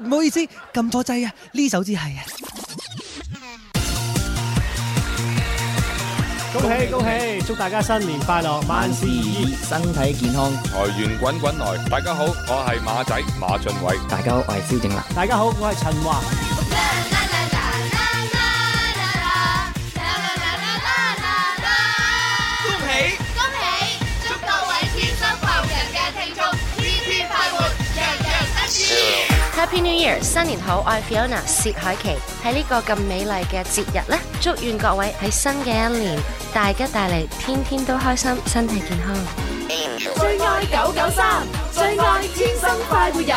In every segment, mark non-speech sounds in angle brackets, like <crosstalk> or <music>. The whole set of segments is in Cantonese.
唔好意思，撳錯掣啊！呢首至係啊！恭喜恭喜，祝大家新年快樂，萬事如意，身事體健康，財源滾滾來！大家好，我係馬仔馬俊偉。大家好，我係蕭正楠。大家好，我係陳華。 <laughs> Happy New Year，新年好！我係 Fiona 薛凱琪喺呢個咁美麗嘅節日呢，祝願各位喺新嘅一年大吉大利，天天都開心，身體健康。最愛九九三，最愛天生快活人。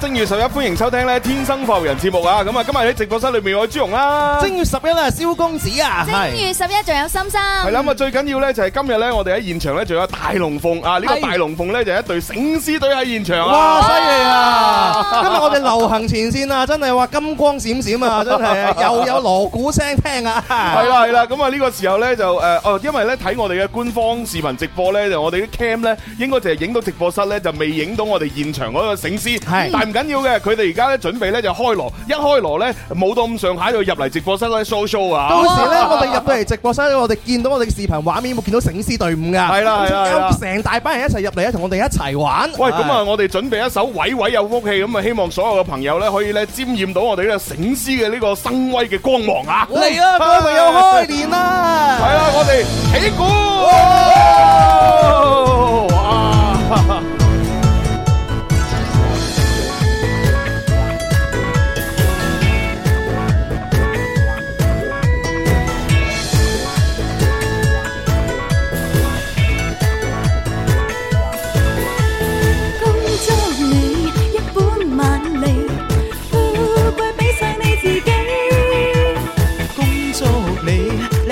正月十一歡迎收聽咧《天生浮人》節目啊！咁啊，今日喺直播室裏面有朱紅啦，正月十一啊，蕭公子啊，是正月十一仲有心心，係啦咁啊，最緊要咧就係今日咧，我哋喺現場咧仲有大龍鳳啊！呢是個大龍鳳咧就係一對醒獅隊喺現場啊！哇！犀利啊！哇今日我哋流行前線啊，真係話金光閃閃啊！真係又有鑼鼓聲聽啊！係啦係啦，咁啊呢個時候咧就誒哦、呃，因為咧睇我哋嘅官方視頻直播咧，就我哋啲 cam 咧應該就係影到直播室咧，就未影到我哋現場嗰個醒獅，咁的唔緊要嘅，佢哋而家咧準備咧就開鑼，一開鑼咧冇到咁上下就入嚟直播室咧 show show 啊！到時咧我哋入到嚟直播室咧，我哋見到我哋嘅視頻畫面會見到醒獅隊伍噶？係啦係啦，成大班人一齊入嚟咧，同我哋一齊玩。喂，咁啊，我哋準備一首《偉偉有福氣》，咁啊，希望所有嘅朋友咧可以咧沾染到我哋呢個醒獅嘅呢個生威嘅光芒啊！嚟啦，各位朋友，開年啦！係啦，我哋起鼓。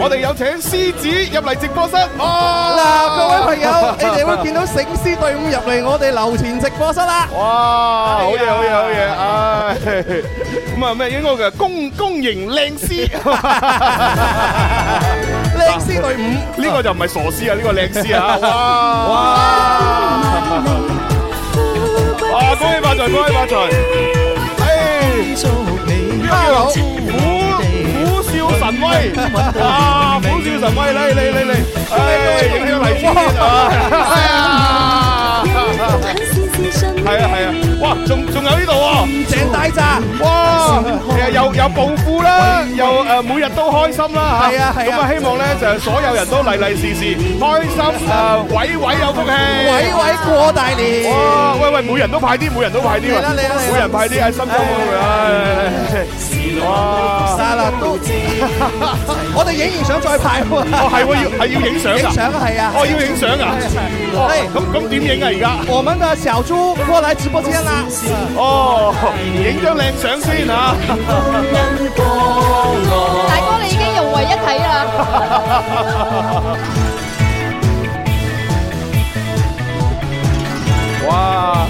我哋有請獅子入嚟直播室。哦，嗱，各位朋友，你哋會見到醒獅隊伍入嚟我哋樓前直播室啦。哇，好嘢，好嘢，好嘢！唉，咁啊咩應該嘅，公公型靚獅，靚獅隊伍，呢個就唔係傻獅啊，呢個靚獅啊。哇！哇！哇！恭喜發財，恭喜發財！誒，哈好。喂，啊，好笑神，喂，嚟嚟嚟嚟，哎，影咗嚟先啊，係啊，係啊，係啊，哇，仲仲有呢度喎，正大咋，哇，又又暴富啦，又誒每日都開心啦，係啊係啊，咁啊希望咧就所有人都利利是是，開心，誒位位有福氣，位位過大年，哇，喂喂，每人都派啲，每人都派啲啊，每人都派啲喺心中，哎。哇！曬啦，都我哋影完相再拍喎。哦，係喎，要係要影相啊。影相係啊。哦，要影相啊。係。咁咁點影啊？而家。我們嘅小豬過嚟直播間啦。哦。影張靚相先啊。大哥，你已經融為一體啦。哇！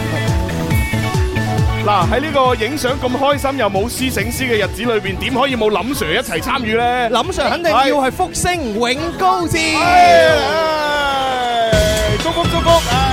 嗱，喺呢個影相咁開心又冇獅醒獅嘅日子裏邊，點可以冇林 Sir 一齊參與咧？林 Sir 肯定要係福星永高升，哎哎，祝福祝福。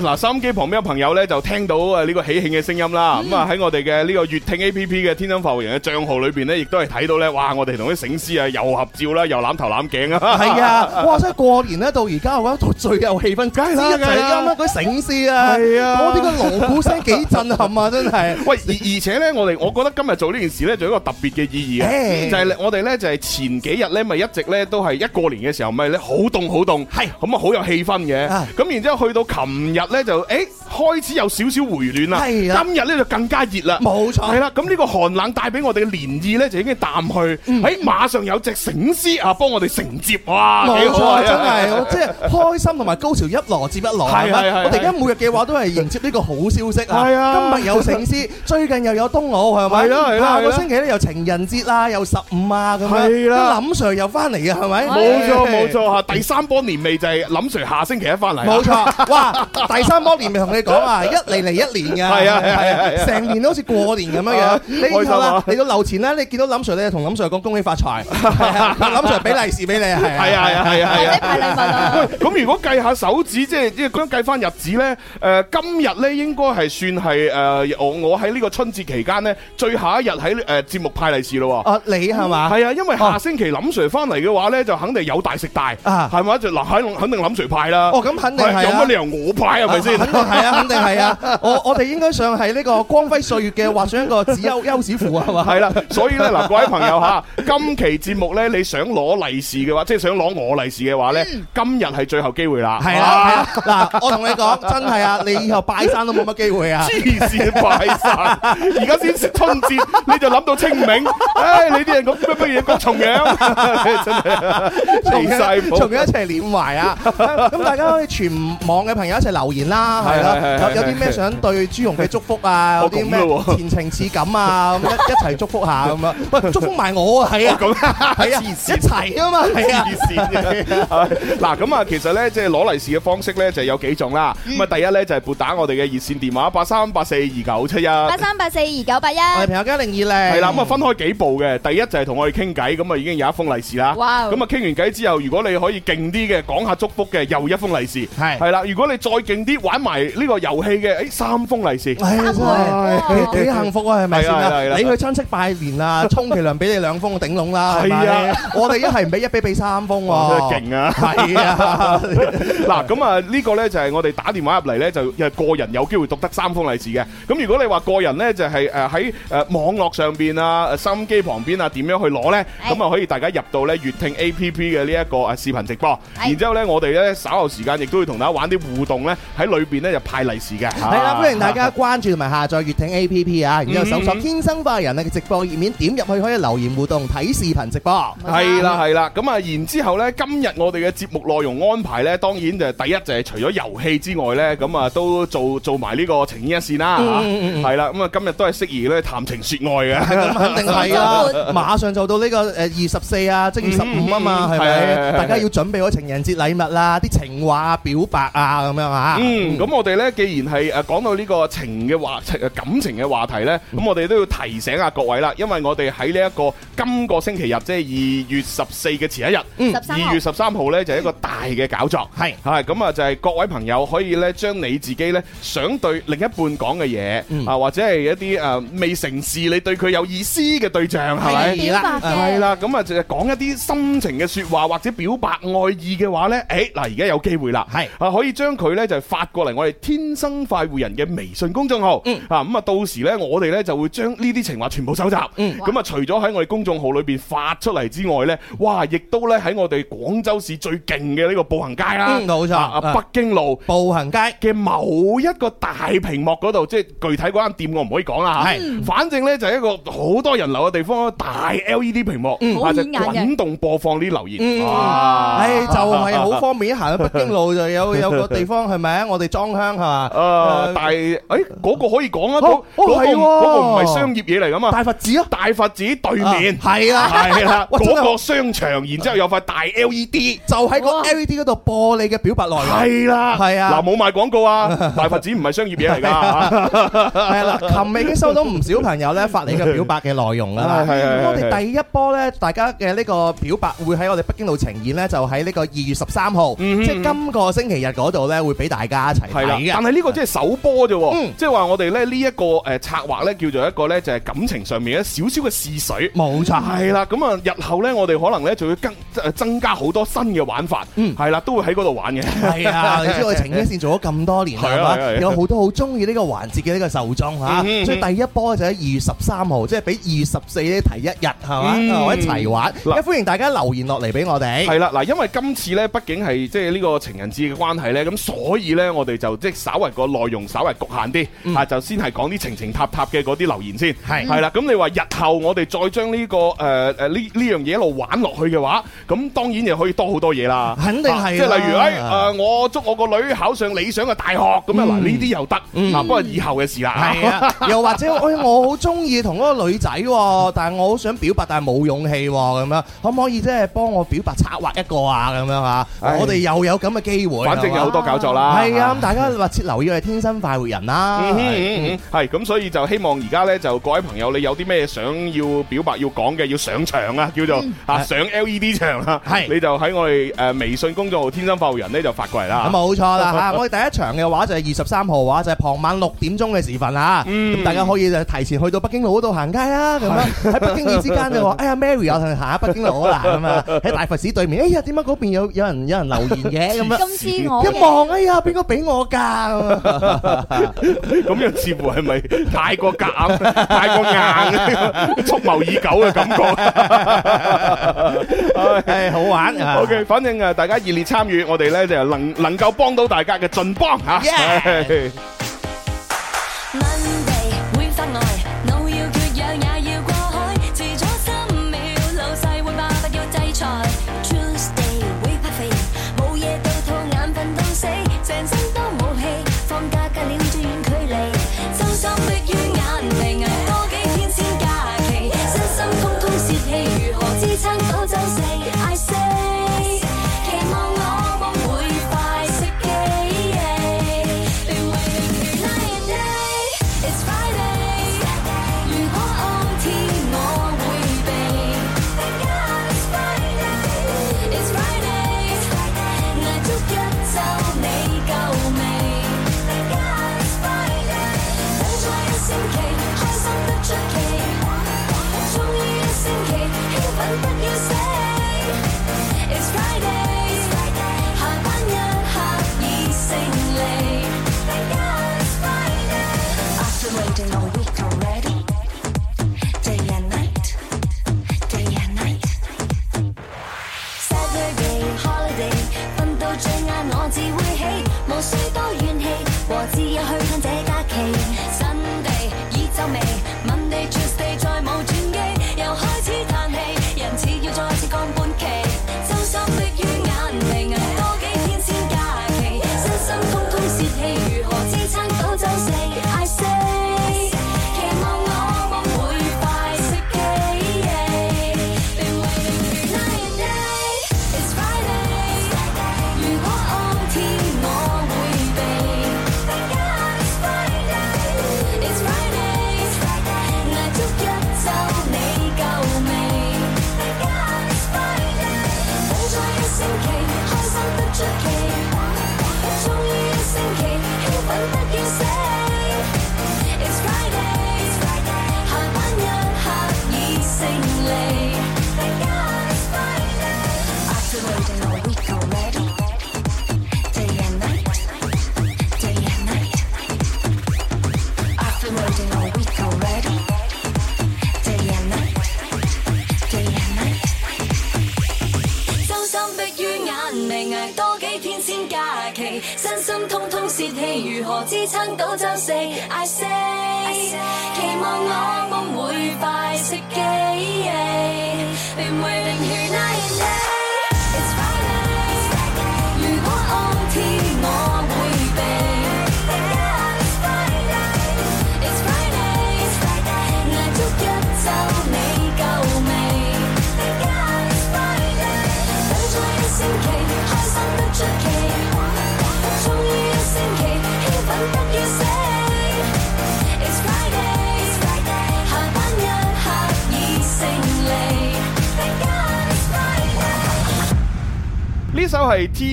嗱，收、啊、音機旁邊嘅朋友咧，就聽到誒呢個喜慶嘅聲音啦。咁啊、嗯，喺、嗯、我哋嘅呢個粵聽 A P P 嘅天津服務員嘅帳號裏邊咧，亦都係睇到咧，哇！我哋同啲醒獅啊，又合照啦，又攬頭攬頸啊。係啊！哇！真係過年咧，到而家我覺得最有氣氛，梗係一齊噏嗰醒獅啊！係啊！我呢個鑼鼓聲幾震撼啊！真係。喂，而而且咧，我哋我覺得今日做呢件事咧，仲有一個特別嘅意義啊、嗯嗯，就係、是、我哋咧就係、是、前幾日咧，咪一直咧都係一過年嘅時候，咪咧好凍好凍，係咁啊，好是有氣氛嘅。咁、啊、然之後去到琴日。咧就誒開始有少少回暖啦，今日咧就更加熱啦，冇錯係啦。咁呢個寒冷帶俾我哋嘅涼意咧，就已經淡去。喺馬上有隻醒獅啊，幫我哋承接，哇！冇錯，真係即係開心同埋高潮一落接一落，係係係。我哋而家每日嘅話都係迎接呢個好消息啊。係啊，今日有醒獅，最近又有冬奧，係咪？下個星期咧又情人節啦，又十五啊，咁樣。係啦，林 Sir 又翻嚟啊，係咪？冇錯冇錯吓，第三波年味就係林 Sir 下星期一翻嚟。冇錯，哇！第三波年咪同你講啊，一嚟嚟一年嘅，係啊係啊，成年都好似過年咁樣樣。開心啦！嚟到樓前咧，你見到林 Sir 咧，同林 Sir 講恭喜發財，林 Sir 俾利是俾你，係係係係係派禮物啊！咁如果計下手指，即係即係計翻日子咧，誒今日咧應該係算係誒我喺呢個春節期間咧，最後一日喺誒節目派利是咯喎。哦，你係嘛？係啊，因為下星期林 Sir 翻嚟嘅話咧，就肯定有大食大，係咪？就嗱，肯肯定林 Sir 派啦。哦，咁肯定係。有乜理由我派？係咪先？肯定係啊，肯定係啊！我我哋應該上係呢個光輝歲月嘅畫上一個隻休休止符啊，係嘛？係啦，所以咧嗱，各位朋友吓，今期節目咧，你想攞利是嘅話，即係想攞我利是嘅話咧，今日係最後機會啦！係啊，嗱，我同你講，真係啊，你以後拜山都冇乜機會啊！黐線拜山，而家先春節，你就諗到清明，唉，你啲人咁乜乜嘢過重陽，真係，從一從一齊緬懷啊！咁大家可以全網嘅朋友一齊留。然啦，係啦，有有啲咩想對朱紅嘅祝福啊？有啲咩前程似錦啊？一一齊祝福下咁樣，喂，祝福埋我啊！係啊，係啊，一齊啊嘛，係啊。嗱咁啊，其實咧，即係攞利是嘅方式咧，就有幾種啦。咁啊，第一咧就係撥打我哋嘅熱線電話八三八四二九七一，八三八四二九八一，我哋朋友加零二零。係啦，咁啊，分開幾步嘅。第一就係同我哋傾偈，咁啊已經有一封利是啦。哇！咁啊傾完偈之後，如果你可以勁啲嘅，講下祝福嘅，又一封利是。係係啦，如果你再勁。啲玩埋呢個遊戲嘅，誒三封利是，係啊，真係幾幸福啊，係咪先？你去親戚拜年啊，充其量俾你兩封頂籠啦。係啊，我哋一係唔俾一，俾俾三封喎。真係勁啊！係啊！嗱，咁啊，呢個咧就係我哋打電話入嚟咧，就個人有機會讀得三封利是嘅。咁如果你話個人咧，就係誒喺誒網絡上邊啊、收音機旁邊啊，點樣去攞咧？咁啊，可以大家入到咧粵聽 A P P 嘅呢一個啊視頻直播，然之後咧，我哋咧稍後時間亦都會同大家玩啲互動咧。喺裏邊咧就派利是嘅，係啦！歡迎大家關注同埋下載粵聽 A P P 啊，然後搜索天生化人啊嘅直播頁面，點入去可以留言互動、睇視頻直播。係啦係啦，咁啊，然之後咧，今日我哋嘅節目內容安排咧，當然就第一就係除咗遊戲之外咧，咁啊都做做埋呢個情意一線啦。係啦，咁啊今日都係適宜咧談情說愛嘅，肯定係啦。馬上就到呢個誒二十四啊，即係二十五啊嘛，係咪？大家要準備好情人節禮物啦，啲情話啊、表白啊咁樣啊。嗯，咁我哋咧，既然係誒講到呢個情嘅話情誒感情嘅話題咧，咁我哋都要提醒下各位啦，因為我哋喺呢一個今個星期日，即係二月十四嘅前一日，二月十三號咧就係一個大嘅搞作，係啊，咁啊就係各位朋友可以咧將你自己咧想對另一半講嘅嘢啊，或者係一啲誒未成事你對佢有意思嘅對象係咪？係啦，咁啊就講一啲心情嘅說話或者表白愛意嘅話咧，誒嗱而家有機會啦，係啊可以將佢咧就。發過嚟我哋天生快活人嘅微信公眾號，吓咁啊到時呢，我哋呢就會將呢啲情話全部收集，咁啊除咗喺我哋公眾號裏邊發出嚟之外呢，哇亦都呢喺我哋廣州市最勁嘅呢個步行街啦，冇錯，北京路步行街嘅某一個大屏幕嗰度，即係具體嗰間店我唔可以講啦，係，反正呢，就係一個好多人流嘅地方，大 LED 屏幕或者滾動播放呢啲留言，哇，唉就係好方便，一行去北京路就有有個地方係咪？係我哋裝香係嘛？誒，但係誒嗰個可以講啊，嗰嗰個唔係商業嘢嚟噶嘛？大佛寺咯，大佛寺對面係啊，係啦，嗰個商場，然之後有塊大 LED，就喺個 LED 嗰度播你嘅表白內容。係啦，係啊，嗱冇賣廣告啊，大佛寺唔係商業嘢嚟㗎。係啦，琴日已經收到唔少朋友咧發你嘅表白嘅內容㗎啦。係啊，我哋第一波咧，大家嘅呢個表白會喺我哋北京路呈現咧，就喺呢個二月十三號，即係今個星期日嗰度咧會俾大。大家一齊睇啊！但係呢個即係首波啫，嗯的，即係話我哋咧呢一個誒策劃咧叫做一個咧就係感情上面嘅少少嘅試水，冇錯係啦。咁啊的、嗯嗯，日後咧我哋可能咧就會更誒增加好多新嘅玩法，嗯，係啦，都會喺嗰度玩嘅，係啊。你知道我情牽線做咗咁多年，係啊，有好多好中意呢個環節嘅呢個受眾嚇。嗯、所以第一波就喺二月十三號，即係俾二月十四咧提一日係嘛，一齊玩。咁歡迎大家留言落嚟俾我哋。係啦，嗱，因為今次咧，畢竟係即係呢個情人節嘅關係咧，咁所以。咧，我哋就即係稍微個內容稍微局限啲，嚇、嗯啊、就先係講啲情情塔塔嘅嗰啲留言先，係係啦。咁你話日後我哋再將呢、這個誒誒呢呢樣嘢一路玩落去嘅話，咁當然又可以多好多嘢啦。肯定係，啊，即係例如誒誒、哎呃，我祝我個女考上理想嘅大學咁樣！嗱，呢啲又得嗱，不過以後嘅事啦。係、嗯、 <laughs> 又或者、哎、我好中意同嗰個女仔、哦，但係我好想表白，但係冇勇氣咁、哦、樣，可唔可以即係幫我表白策劃一個啊？咁樣嚇，的的我哋又有咁嘅機會，反正有好多搞作啦。啊係啊，咁大家密切留意，係天生快活人啦。係咁，所以就希望而家咧，就各位朋友，你有啲咩想要表白、要講嘅，要上場啊，叫做啊上 LED 場啦。係你就喺我哋誒微信公眾號天生快活人咧，就發過嚟啦。咁冇錯啦吓，我哋第一場嘅話就係二十三號，話就係傍晚六點鐘嘅時分吓。咁大家可以就提前去到北京路嗰度行街啊，咁樣喺不經意之間就話，哎呀，Mary 我同人行下北京路啦，咁啊喺大佛寺對面，哎呀，點解嗰邊有有人有人留言嘅咁樣？一望，哎呀！應該俾我夾，咁又似乎係咪太過夾、太過硬、蓄謀已久嘅感覺？誒，好玩。OK，反正誒，大家熱烈參與，我哋咧就能能夠幫到大家嘅盡幫吓。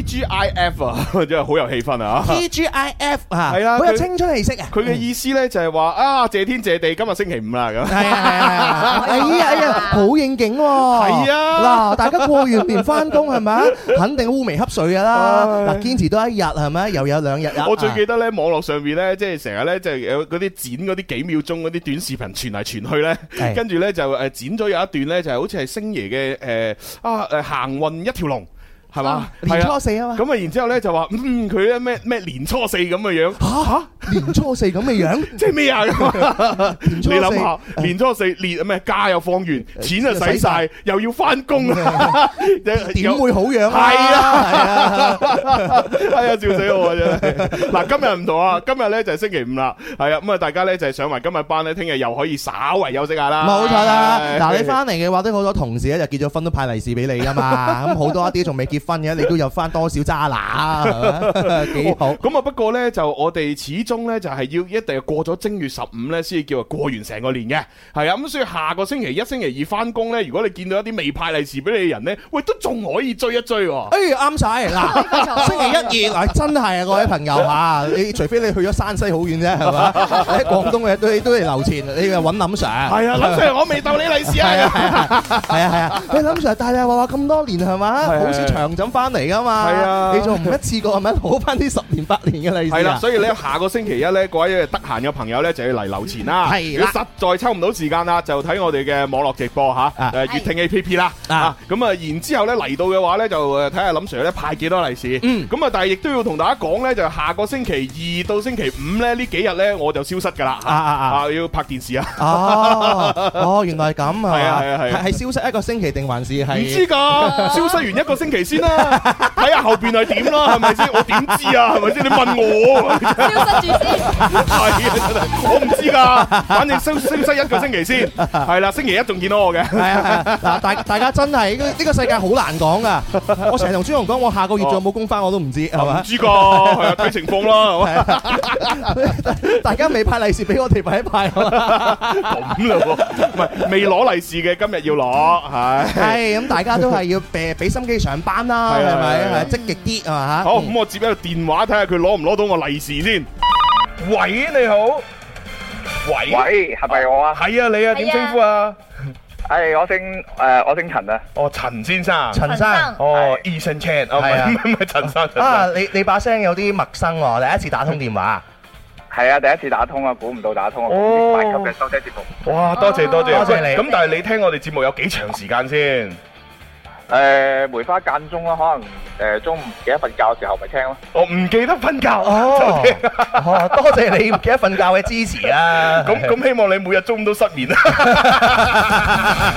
G I F 啊，真係好有氣氛啊！G I F 啊，係啊，好有青春氣息啊！佢嘅意思咧就係話啊，謝天謝地，今日星期五啦咁。係啊，哎呀哎呀，好應景喎！係啊，嗱，大家過完年翻工係咪肯定烏眉瞌睡噶啦，嗱，堅持多一日係咪？又有兩日啦。我最記得咧，網絡上邊咧，即係成日咧，即係有嗰啲剪嗰啲幾秒鐘嗰啲短視頻傳嚟傳去咧，跟住咧就誒剪咗有一段咧，就係好似係星爺嘅誒啊誒行運一條龍。係嘛？年初四啊嘛。咁啊，然之後咧就話，嗯，佢咧咩咩年初四咁嘅樣。吓，年初四咁嘅樣，即係咩啊？年初四，年初四，年啊咩？假又放完，錢又使晒，又要翻工。點會好樣啊？係啊，係啊，係啊，笑死我真嗱，今日唔同啊，今日咧就係星期五啦。係啊，咁啊，大家咧就係上埋今日班咧，聽日又可以稍為休息下啦。冇錯啦。嗱，你翻嚟嘅話，都好多同事咧，就結咗婚都派利是俾你噶嘛。咁好多一啲仲未結。分嘅你都有翻多少渣拿？幾好咁啊？不過咧就我哋始終咧就係要一定要過咗正月十五咧先至叫過完成個年嘅。係啊咁。所以下個星期一星期二翻工咧，如果你見到一啲未派利是俾你嘅人咧，喂，都仲可以追一追。哎，啱晒嗱，星期一、二啊，真係啊，各位朋友吓，你除非你去咗山西好遠啫，係嘛？喺廣東嘅都都係樓前，你又揾林 Sir。係啊，林 Sir，我未逗你利是啊！係啊係啊，喂，林 Sir，但係話話咁多年係嘛，好少長。唔準翻嚟噶嘛？係啊！你仲唔一次過係咪攞翻啲十年八年嘅利是啊？係啦，所以咧下個星期一咧，各位得閒嘅朋友咧就要嚟留錢啦。係，你實在抽唔到時間啦，就睇我哋嘅網絡直播嚇，誒粵聽 A P P 啦。啊，咁啊，然之後咧嚟到嘅話咧，就睇下林 sir 咧派幾多利是。嗯，咁啊，但係亦都要同大家講咧，就下個星期二到星期五咧呢幾日咧，我就消失㗎啦。啊啊啊！啊要拍電視啊！哦原來係咁啊！係啊係啊係！消失一個星期定還是係？唔知㗎，消失完一個星期先。睇下後邊係點啦，係咪先？我點知啊？係咪先？你問我，消失住先。係啊，我唔知噶，反正消消失一個星期先。係啦，星期一仲見到我嘅。係啊，係嗱，大大家真係呢個世界好難講噶我成日同朱紅講，我下個月仲有冇工翻我都唔知，係嘛？唔知噶，係啊，睇情況啦。係，大家未派利是俾我哋第一派啊嘛。咁咯，唔係未攞利是嘅，今日要攞係。係咁，大家都係要俾俾心機上班。係咪係積極啲啊吓？好，咁我接一個電話，睇下佢攞唔攞到我利是先。喂，你好，喂，係咪我啊？係啊，你啊，點稱呼啊？係我姓誒，我姓陳啊。哦，陳先生，陳生，哦，Eason Chan，哦，唔係唔係陳生。啊，你你把聲有啲陌生喎，第一次打通電話。係啊，第一次打通啊，估唔到打通啊，一級嘅收聽節目。哇，多謝多謝，多謝你。咁但係你聽我哋節目有幾長時間先？誒，梅花間中啦，可能誒中午唔記得瞓覺嘅時候咪聽咯。我唔記得瞓覺哦，多謝你唔記得瞓覺嘅支持啊！咁咁希望你每日中午都失眠啦。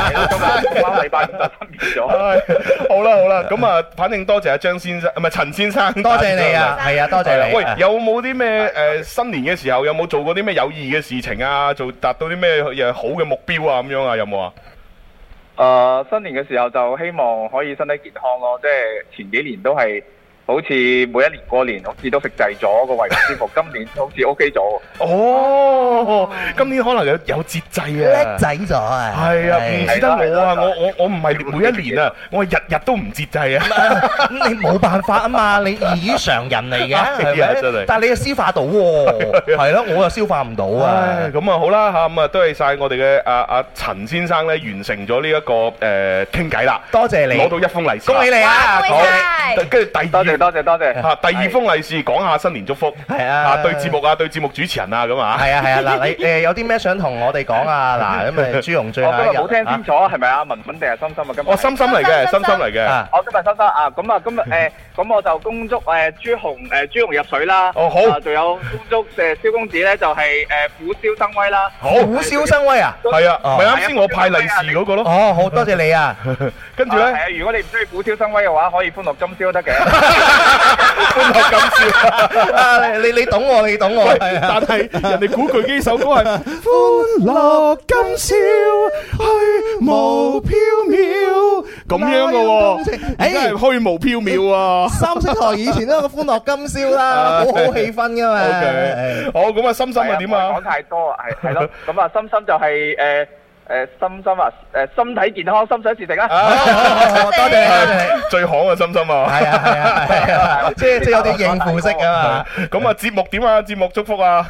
係咯，今日禮拜五就失眠咗。唉，好啦好啦，咁啊，反正多謝阿張先生，唔係陳先生，多謝你啊，係啊，多謝你。喂，有冇啲咩誒新年嘅時候有冇做過啲咩有意義嘅事情啊？做達到啲咩嘢好嘅目標啊？咁樣啊？有冇啊？誒，uh, 新年嘅時候就希望可以身體健康咯，即係前幾年都係。好似每一年過年好似都食滯咗，個胃唔舒服，今年好似 O K 咗。哦，今年可能有有節制啊，叻仔就係。係啊，唔止得我啊，我我我唔係每一年啊，我係日日都唔節制啊。你冇辦法啊嘛，你異於常人嚟嘅係啊，真係。但係你又消化到喎，係咯，我又消化唔到啊。咁啊好啦吓，咁啊多謝晒我哋嘅阿阿陳先生咧，完成咗呢一個誒傾偈啦。多謝你攞到一封利，恭喜你啊！跟住第二。多謝多謝。啊，第二封利是，講下新年祝福。係啊，對節目啊，對節目主持人啊，咁啊。係啊係啊，嗱你誒，有啲咩想同我哋講啊？嗱咁啊，朱紅最好，今日冇聽清楚，係咪阿文文定係心心啊？今日。哦，心心嚟嘅，心心嚟嘅。我今日心心啊，咁啊，今日誒，咁我就恭祝誒朱紅誒朱紅入水啦。哦好。啊，仲有恭祝誒蕭公子咧，就係誒虎嘯生威啦。好。虎嘯生威啊？係啊。係啱先我派利是嗰個咯。哦，好多謝你啊！跟住咧。係啊，如果你唔中意虎嘯生威嘅話，可以歡樂今宵得嘅。歡樂今宵，啊！你你懂我，你懂我，但係人哋古巨基首歌係歡樂今宵，虛無縹緲，咁樣噶喎，梗係虛無縹緲啊！三色台以前都係個歡樂今宵啦，好好氣氛噶嘛。好，咁啊，深深啊，點啊？講太多，係係咯。咁啊，深深就係誒。誒，深深啊！誒，身體健康，心想事成啊！好，多謝，最好嘅深深啊！係啊，係啊，係啊，即係即係有啲應付式㗎嘛！咁啊，節目點啊？節目祝福啊！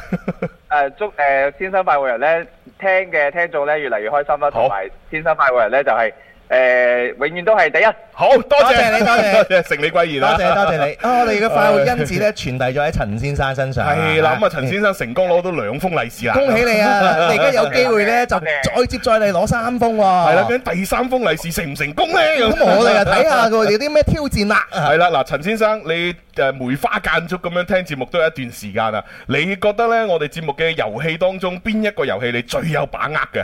誒，祝誒，先生快活人咧，聽嘅聽眾咧越嚟越開心啦，同埋先生快活人咧就係。誒，永遠都係第一，好多謝你，多謝，多謝，承你貴言啦，多謝多謝你。啊，我哋嘅快活因子咧，傳遞咗喺陳先生身上。係啦，咁啊，陳先生成功攞到兩封利是啦。恭喜你啊！你而家有機會咧，就再接再厲攞三封。係啦，究竟第三封利是成唔成功咧？咁我哋就睇下佢有啲咩挑戰啦。係啦，嗱，陳先生，你誒梅花間竹咁樣聽節目都有一段時間啦。你覺得咧，我哋節目嘅遊戲當中，邊一個遊戲你最有把握嘅？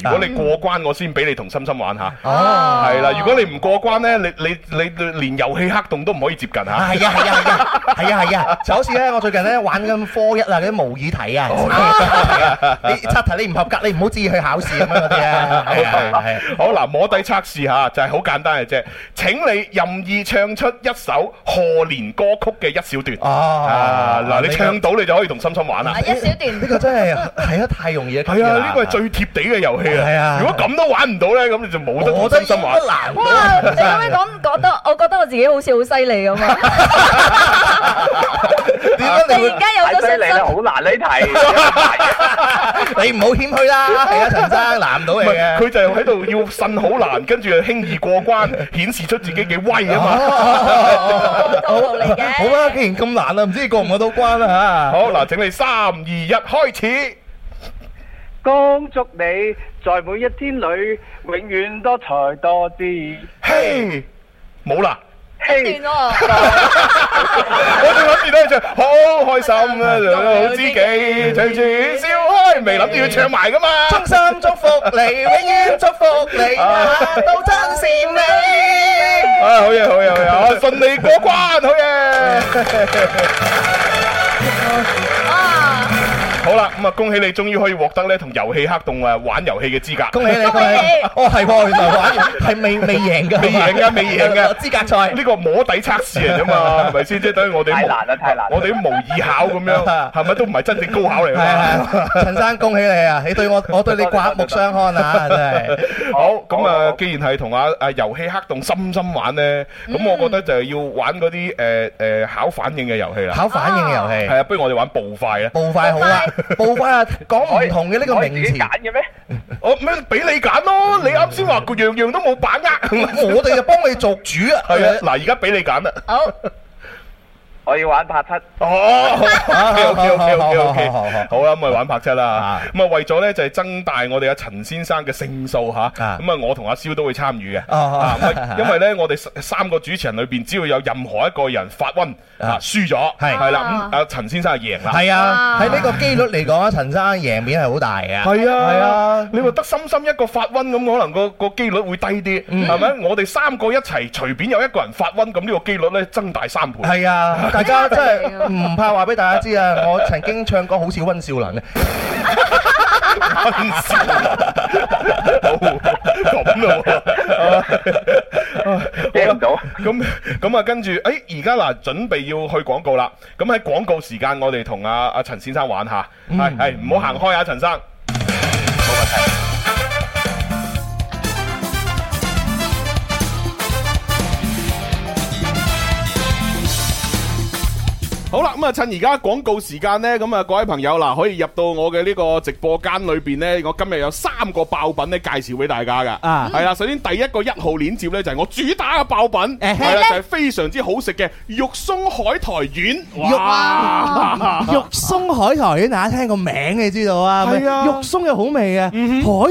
如果你過關，我先俾你同心心玩下。哦，係啦。如果你唔過關咧，你你你連遊戲黑洞都唔可以接近嚇。係啊係啊係啊係啊係啊！就好似咧，我最近咧玩緊科一啊，嗰啲模擬題啊，你測題你唔合格，你唔好自己去考試咁樣嗰啲啊。係啊係啊係啊！好嗱，摸底測試嚇就係好簡單嘅啫。請你任意唱出一首賀年歌曲嘅一小段。哦，嗱，你唱到你就可以同心心玩啦。一小段呢個真係係啊，太容易啊！係啊，呢個係最貼地嘅遊戲。係啊！如果咁都玩唔到咧，咁你就冇得真心玩。哇！你啱啱講覺得，我覺得我自己好似好犀利咁啊！點解你而家有咗犀利咧？好難呢題，你唔好謙虛啦，係啊，陳生難唔到你。佢就喺度要呻好難，跟住又輕易過關，顯示出自己幾威啊嘛。套路嚟嘅。好啦，既然咁難啊，唔知過唔過到關啦吓？好嗱，請你三二一開始。恭祝你在每一天裏永遠多才多智。嘿、hey，冇啦。嘿，我仲諗住諗住唱，好開心啊！兩老知己唱住人笑開，未諗住要唱埋噶嘛？ <laughs> 衷心祝福你，永遠祝福你啊！ <laughs> 都真善美。好嘢好嘢好嘢！我順利過關，好嘢。好啦，咁啊，恭喜你終於可以獲得呢，同遊戲黑洞玩遊戲嘅資格。恭喜你，恭喜你，欸，欸，冇法講唔同嘅呢個名詞？我咩俾你揀咯？你啱先話個樣樣都冇把握， <laughs> 我哋就幫你作主啊！係啊 <laughs> 吧，嗱，而家俾你揀啦。我要玩拍七。哦，ok ok ok 好好好，好啦咁啊玩拍七啦，咁啊為咗咧就係增大我哋阿陳先生嘅勝數吓，咁啊我同阿蕭都會參與嘅，因為咧我哋三個主持人裏邊，只要有任何一個人發瘟啊，輸咗係，係啦，咁阿陳先生贏啦，係啊，喺呢個機率嚟講，陳生贏面係好大嘅，係啊，係啊，你話得心深一個發瘟咁，可能個個機率會低啲，係咪？我哋三個一齊隨便有一個人發瘟，咁呢個機率咧增大三倍，係啊。大家真係唔怕話俾大家知啊！我曾經唱歌好似温少能温少蘭嘅，咁 <laughs> 少蘭 <laughs> 樣啊，咁咁啊，跟住、 <laughs> 嗯，誒、嗯，而家嗱，準備要去廣告啦。咁喺廣告時間，我哋同阿阿陳先生玩下，係係，唔好行開啊，陳生。冇問題。好啦，咁啊趁而家廣告時間呢，咁啊各位朋友嗱，可以入到我嘅呢個直播間裏邊呢。我今日有三個爆品呢，介紹俾大家噶。啊，係啦，首先第一個一號鏈接呢就係我主打嘅爆品，係啦，就係非常之好食嘅肉鬆海苔丸。肉鬆海苔丸大家聽個名你知道啊？係啊，肉鬆又好味啊，海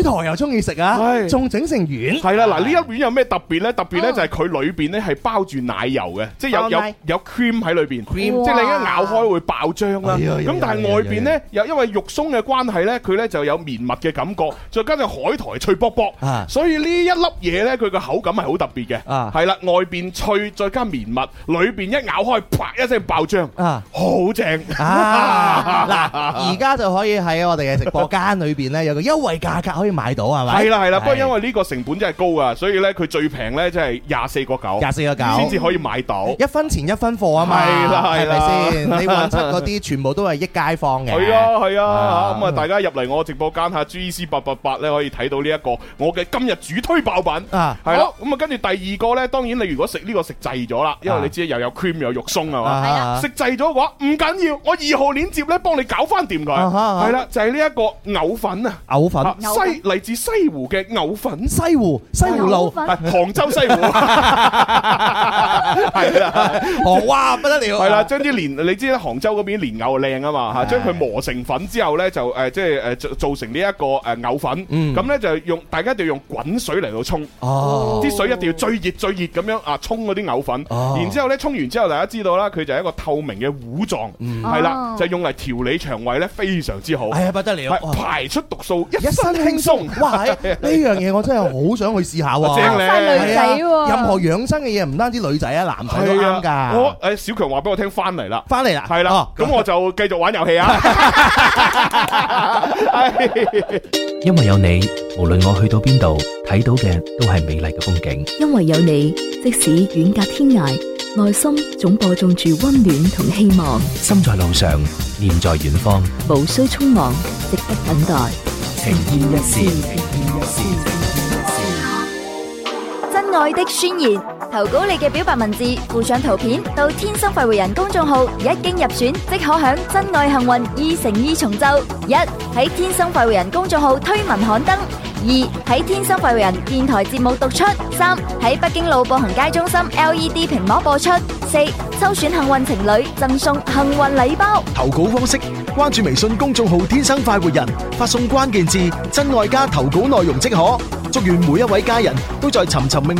苔又中意食啊，仲整成丸。係啦，嗱，呢一丸有咩特別呢？特別呢就係佢裏邊呢係包住奶油嘅，即係有有有 cream 喺裏邊，cream，即係你，一咬開會爆漿啦，咁但係外邊呢，又因為肉鬆嘅關係呢，佢呢就有綿密嘅感覺，再加上海苔脆卜卜，所以呢一粒嘢呢，佢嘅口感係好特別嘅，係啦，外邊脆，再加綿密，裏邊一咬開，啪一聲爆漿，好正，嗱，而家就可以喺我哋嘅直播間裏邊呢，有個優惠價格可以買到係咪？係啦係啦，不過因為呢個成本真係高啊，所以呢，佢最平呢，真係廿四個九，廿四個九先至可以買到，一分錢一分貨啊嘛，係啦係啦！你搵出嗰啲全部都係益街坊嘅，係啊係啊，咁啊大家入嚟我直播間吓 G C 八八八咧，可以睇到呢一個我嘅今日主推爆品啊，係咯，咁啊跟住第二個咧，當然你如果食呢個食滯咗啦，因為你知又有 cream 又有肉鬆啊嘛，食滯咗嘅話唔緊要，我二號鏈接咧幫你搞翻掂佢，係啦，就係呢一個藕粉啊，藕粉西嚟自西湖嘅藕粉，西湖西湖路杭州西湖，係啦，哇不得了，係啦，將啲蓮你知啦，杭州嗰邊蓮藕靚啊嘛，吓將佢磨成粉之後咧，就誒即係誒做成呢一個誒藕粉，咁咧就用，大家一定要用滾水嚟到沖，啲水一定要最熱最熱咁樣啊沖嗰啲藕粉，然之後咧沖完之後大家知道啦，佢就係一個透明嘅糊狀，係啦，就用嚟調理腸胃咧，非常之好，係啊，不得了，排出毒素一身輕鬆，哇，呢樣嘢我真係好想去試下喎，靚女仔，任何養生嘅嘢唔單止女仔啊，男仔都啱噶，我誒小強話俾我聽翻嚟啦。翻嚟啦，係啦，咁我就繼續玩遊戲啊！因為有你，無論我去到邊度，睇到嘅都係美麗嘅風景。因為有你，即使遠隔天涯，內心總播種住溫暖同希望。心在路上，念在遠方，無需匆忙，值得等待。情緣一線。愛的宣言，投稿你嘅表白文字附上圖片，到天生快活人公眾號一經入選，即可享真愛幸運二乘二重奏。一喺天生快活人公眾號推文刊登；二喺天生快活人電台節目讀出；三喺北京路步行街中心 LED 屏幕播出；四抽選幸運情侶贈送幸運禮包。投稿方式：關注微信公眾號天生快活人，發送關鍵字真愛加投稿內容即可。祝願每一位家人都在尋尋覓。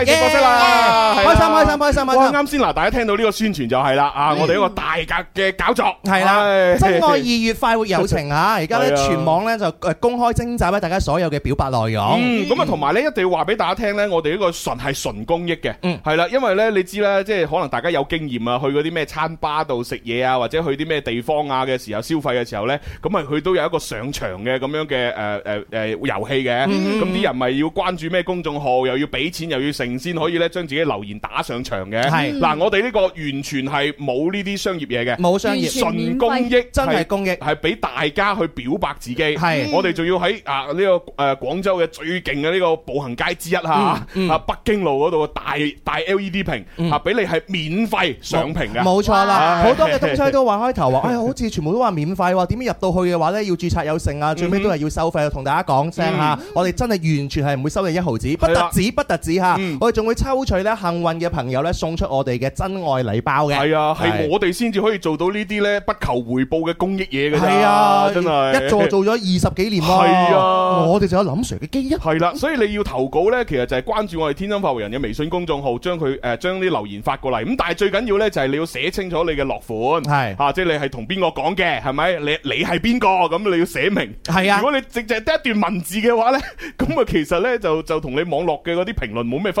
開心開心開心開心！啱啱先嗱，大家聽到呢個宣傳就係啦啊！我哋一個大格嘅搞作，係啦，真愛二月快活友情嚇。而家咧，全網咧就公開徵集咧，大家所有嘅表白內容。咁啊，同埋咧一定要話俾大家聽咧，我哋呢個純係純公益嘅，嗯，係啦，因為咧你知啦，即係可能大家有經驗啊，去嗰啲咩餐吧度食嘢啊，或者去啲咩地方啊嘅時候消費嘅時候咧，咁啊佢都有一個上場嘅咁樣嘅誒誒誒遊戲嘅。咁啲人咪要關注咩公眾號，又要俾錢，又要成，先可以咧，將自己留言打上牆嘅。係嗱，我哋呢個完全係冇呢啲商業嘢嘅，冇商業，純公益，真係公益，係俾大家去表白自己。係我哋仲要喺啊呢個誒廣州嘅最勁嘅呢個步行街之一啊，啊北京路嗰度大大 LED 屏啊，俾你係免費上屏嘅。冇錯啦，好多嘅讀者都話開頭話，哎呀，好似全部都話免費喎，點樣入到去嘅話咧，要註冊有剩啊，最尾都係要收費。同大家講聲嚇，我哋真係完全係唔會收你一毫子，不得止，不得止。嚇。我哋仲會抽取咧幸運嘅朋友咧，送出我哋嘅珍愛禮包嘅。係啊，係我哋先至可以做到呢啲咧，不求回報嘅公益嘢嘅。係啊，真係一做做咗二十幾年啦。係啊，我哋就有諗 Sir 嘅基因。係啦，所以你要投稿咧，其實就係關注我哋天津發圍人嘅微信公眾號，將佢誒將啲留言發過嚟。咁但係最緊要咧就係你要寫清楚你嘅落款。係嚇，即係你係同邊個講嘅，係咪？你你係邊個咁？你要寫明。係啊，如果你淨淨得一段文字嘅話咧，咁啊其實咧就就同你網絡嘅嗰啲評論冇咩分。啲人係唔知道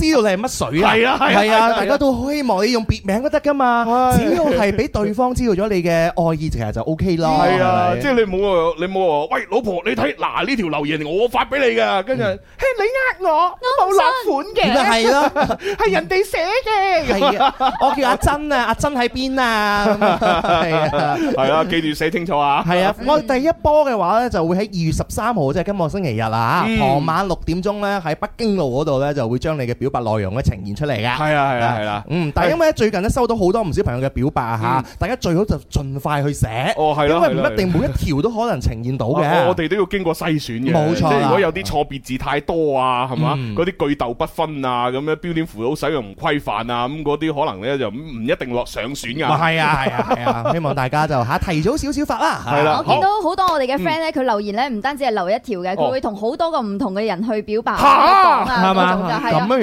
你係乜水啊！係啊，係啊！啊大家都好希望你用別名都得噶嘛，哎、只要係俾對方知道咗你嘅愛意，其實、哎、就 O K 啦。係啊，是是即係你冇啊，你冇話喂老婆，你睇嗱呢條留言我發俾你嘅，跟住係你呃我冇落款嘅，係啊，係人哋寫嘅、嗯啊，我叫阿珍，啊，珍啊，阿珍喺邊啊？係啊，係啊，記住寫清楚啊！係啊，我第一波嘅話咧，就會喺二月十三號，即係今個星期日啊，傍晚六點鐘咧，喺北京路嗰度咧。就會將你嘅表白內容咧呈現出嚟㗎，係啊係啊係啦，嗯，但係因為最近咧收到好多唔少朋友嘅表白啊嚇，大家最好就盡快去寫，哦係啦，因為唔一定每一條都可能呈現到嘅，我哋都要經過篩選嘅，冇錯，即係如果有啲錯別字太多啊，係嘛，嗰啲句讀不分啊，咁樣標點符號使用唔規範啊，咁嗰啲可能咧就唔一定落上選㗎，係啊係啊係啊，希望大家就嚇提早少少發啦，係啦，我見到好多我哋嘅 friend 咧，佢留言咧唔單止係留一條嘅，佢會同好多個唔同嘅人去表白，嚇係嘛。咁樣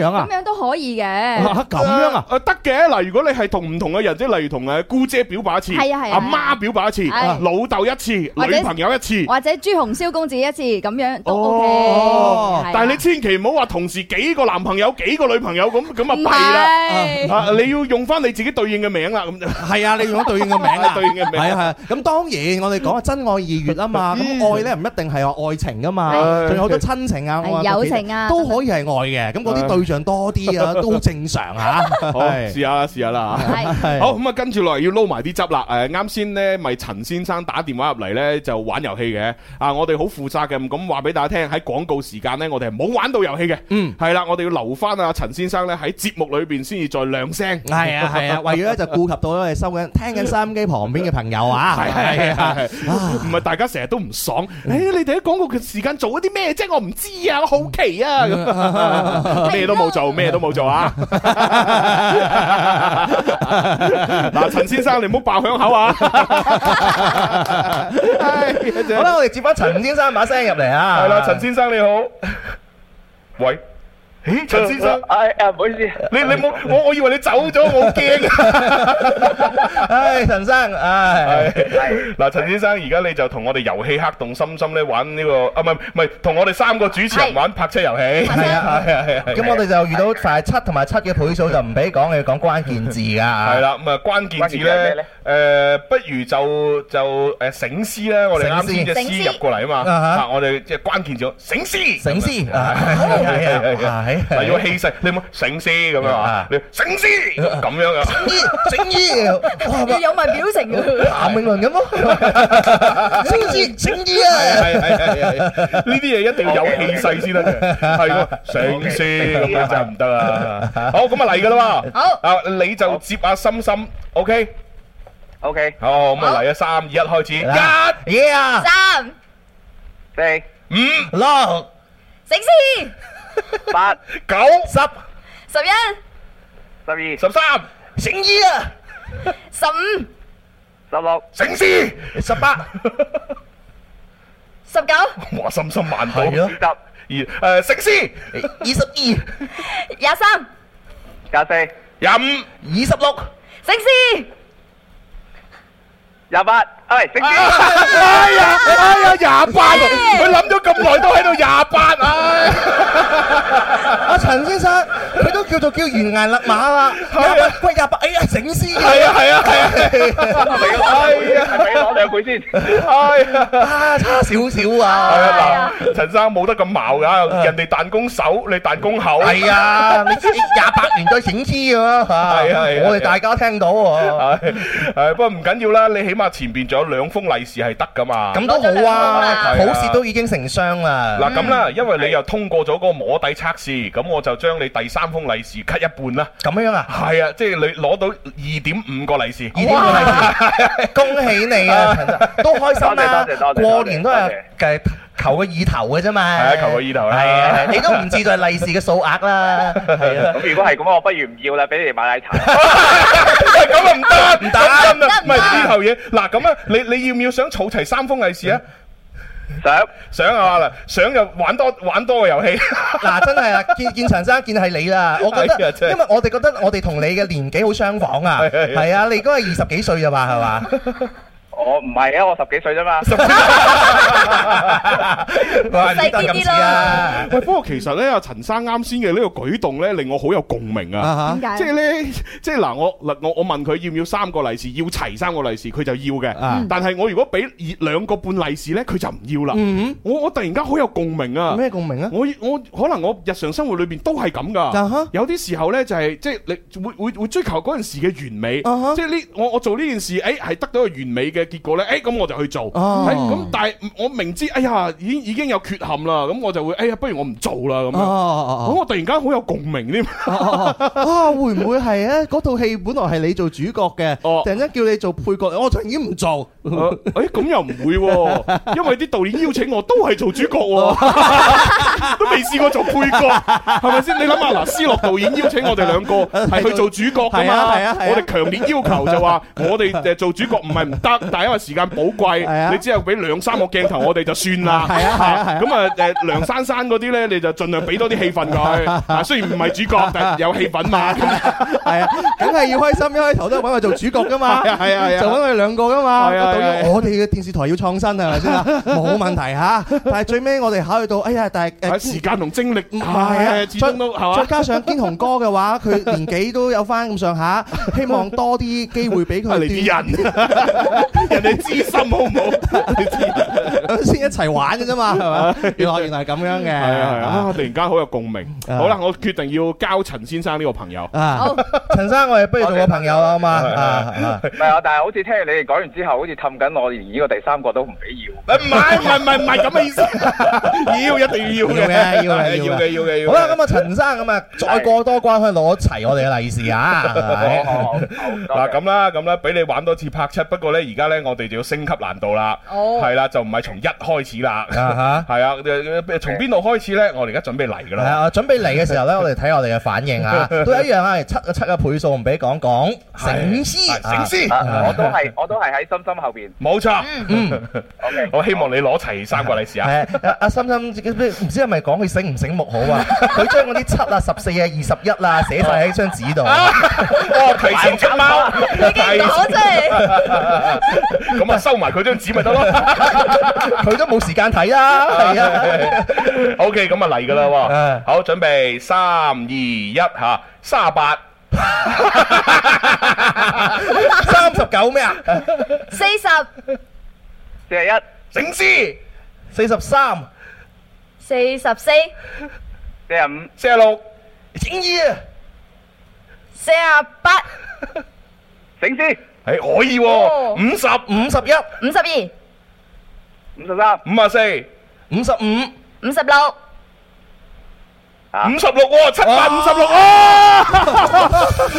樣啊？咁樣都可以嘅。咁樣啊？誒，得嘅。嗱，如果你係同唔同嘅人，即係例如同誒姑姐表白一次，係啊係啊，阿媽表白一次，老豆一次，女朋友一次，或者朱紅蕭公子一次，咁樣都 OK。但係你千祈唔好話同時幾個男朋友、幾個女朋友咁咁啊，唔係啊！你要用翻你自己對應嘅名啦，咁就係啊！你用咗對應嘅名啊，對應嘅名係啊係啊。咁當然我哋講真愛二月啊嘛，咁愛咧唔一定係愛情噶嘛，仲有好多親情啊、友情啊，都可以係愛嘅。咁嗰啲對象多啲啊， <laughs> 都正常嚇、啊。好，是試下啦，試下啦。好，咁啊，跟住落嚟要撈埋啲汁啦。誒，啱先呢咪陳先生打電話入嚟呢，就玩遊戲嘅。啊，我哋好負責嘅，咁話俾大家聽，喺廣告時間呢，我哋係冇玩到遊戲嘅。嗯，係啦，我哋要留翻啊，陳先生呢，喺節目裏邊先至再亮聲。係啊係啊，為咗、啊、就顧及到我哋收緊聽緊收音機旁邊嘅朋友啊。係係係係，唔係、啊啊啊啊、大家成日都唔爽。誒、嗯哎，你哋喺廣告嘅時間做咗啲咩啫？我唔知啊，我好奇啊咁。嗯嗯嗯嗯嗯嗯嗯咩都冇做，咩都冇做 <laughs> 啊！嗱，陳先生，你唔好爆響口啊！ <laughs> <laughs> 好啦，我哋接翻陳先生把聲入嚟啊！係啦，陳先生你好，喂。嘿，係要氣勢，你唔好醒獅咁樣啊！醒獅咁樣啊！醒獅醒獅，哇，你有埋表情嘅，譚詠麟咁咯！醒獅醒獅啊！係係係係，呢啲嘢一定要有氣勢先得嘅，係咯，醒獅咁樣就唔得啦。好，咁啊嚟噶啦嘛，好啊，你就接阿心心，OK，OK，好，咁啊嚟啊，三二一，開始，一，二啊，三，四，五，六，醒獅。八九十十一十二十三、醒獅啊、十五十六、醒獅、十八十九、哇，心心萬倍咯，二誒、醒獅、二十二廿三廿四廿五二十六、醒獅、廿八。哎，整啲！哎呀，哎呀，廿八，佢諗咗咁耐都喺度廿八啊！阿陳先生，佢都叫做叫懸崖勒馬啦，喂廿八，哎呀，醒獅！係啊，係啊，係啊，係咪啊？係俾我兩句先？哎呀，差少少啊！陳生冇得咁矛噶，人哋彈弓手，你彈弓口？係啊，你廿八年再醒獅噶嘛？係係，我哋大家聽到喎。係係，不過唔緊要啦，你起碼前邊。有兩封利是係得噶嘛？咁都好啊，好事都已經成雙啦。嗱咁啦，因為你又通過咗個摸底測試，咁我就將你第三封利是 cut 一半啦。咁樣啊？係啊，即係你攞到二點五個利是。二點五個利是，恭喜你啊！都開心啦，過年都係求個意頭嘅啫嘛，係啊，求個意頭啦。係啊，你都唔知道利是嘅數額啦。係啊，咁如果係咁，我不如唔要啦，俾你哋買奶茶。咁啊，唔得唔得，唔係意頭嘢。嗱咁啊，你你要唔要想儲齊三封利是啊？想，想啊，嗱，想就玩多玩多個遊戲。嗱，真係啊，見見陳生，見係你啦。我覺得，因為我哋覺得我哋同你嘅年紀好相仿啊。係啊，你應該係二十幾歲啊嘛，係嘛？我唔係啊，我十幾歲啫嘛，細啲啲啦。喂，不過其實咧，阿陳生啱先嘅呢個舉動咧，令我好有共鳴啊。點解？即係咧，即係嗱，我嗱我我問佢要唔要三個利是，要齊三個利是，佢就要嘅。但係我如果俾兩個半利是咧，佢就唔要啦。嗯，我我突然間好有共鳴啊！咩共鳴啊？我我可能我日常生活裏邊都係咁噶。有啲時候咧就係即係你會會會追求嗰陣時嘅完美。即係呢，我我做呢件事，誒係得到個完美嘅。結果呢，誒、哎，咁我就去做，咁、啊、但係我明知，哎呀，已經已經有缺陷啦，咁我就會，哎呀，不如我唔做啦，咁咁、啊啊啊、我突然間好有共鳴添、啊，啊，會唔會係啊，嗰套戲本來係你做主角嘅，啊、突然間叫你做配角，我突然間唔做，誒、啊，咁又唔會、啊，因為啲導演邀請我都係做主角、啊，啊、 <laughs> 都未試過做配角，係咪先？你諗下嗱，思樂導演邀請我哋兩個係去做主角噶嘛，啊啊啊啊啊、我哋強烈要求就話，我哋做主角唔係唔得。但係因為時間寶貴，你只有俾兩三個鏡頭我哋就算啦。係啊，咁啊誒，梁珊珊嗰啲咧，你就盡量俾多啲氣氛佢。雖然唔係主角，但係有氣氛嘛。係啊，梗係要開心，一開頭都揾佢做主角噶嘛。係啊，就揾佢兩個噶嘛。對於我哋嘅電視台要創新係咪先啊？冇問題嚇。但係最尾我哋考慮到，哎呀，但係誒時間同精力唔係啊，始終都係嘛。再加上堅雄哥嘅話，佢年紀都有翻咁上下，希望多啲機會俾佢哋。人。人哋知心好唔好？你知先一齊玩嘅啫嘛，係嘛？原來原來係咁樣嘅，係啊係啊！突然間好有共鳴。好啦，我決定要交陳先生呢個朋友。陳生，我哋不如做個朋友啦好嘛。唔係啊，但係好似聽你哋講完之後，好似氹緊我連呢個第三個都唔俾要。唔係唔係唔係唔係咁嘅意思，要一定要嘅，要嘅要嘅要嘅。好啦，咁啊，陳生咁啊，再過多關去攞齊我哋嘅利是啊！嗱，咁啦咁啦，俾你玩多次拍七。不過咧，而家咧。咧我哋就要升級難度啦，係啦，就唔係從一開始啦，係啊，從邊度開始咧？我哋而家準備嚟噶啦，準備嚟嘅時候咧，我哋睇我哋嘅反應啊，都一樣係七七嘅倍數，唔俾講講，醒獅醒獅，我都係我都係喺心心後邊，冇錯，嗯，好嘅，我希望你攞齊三個利是啊，阿阿心心唔知係咪講佢醒唔醒目好啊？佢將嗰啲七啊、十四啊、二十一啊寫晒喺張紙度，哦，提前出貓，你幾好真係。咁啊，收埋佢張紙咪得咯，佢都冇時間睇啊！係啊，OK，咁啊嚟噶啦，好準備三二一吓，三十八，三十九咩啊？四十，四十一，醒獅，四十三，四十四，四十五，四十六，醒獅，四十八，醒獅。哎、可以喎、哦，五十五十一，五十二，五十三，五十四，五十五，五十六。五十六喎，七百五十六喎。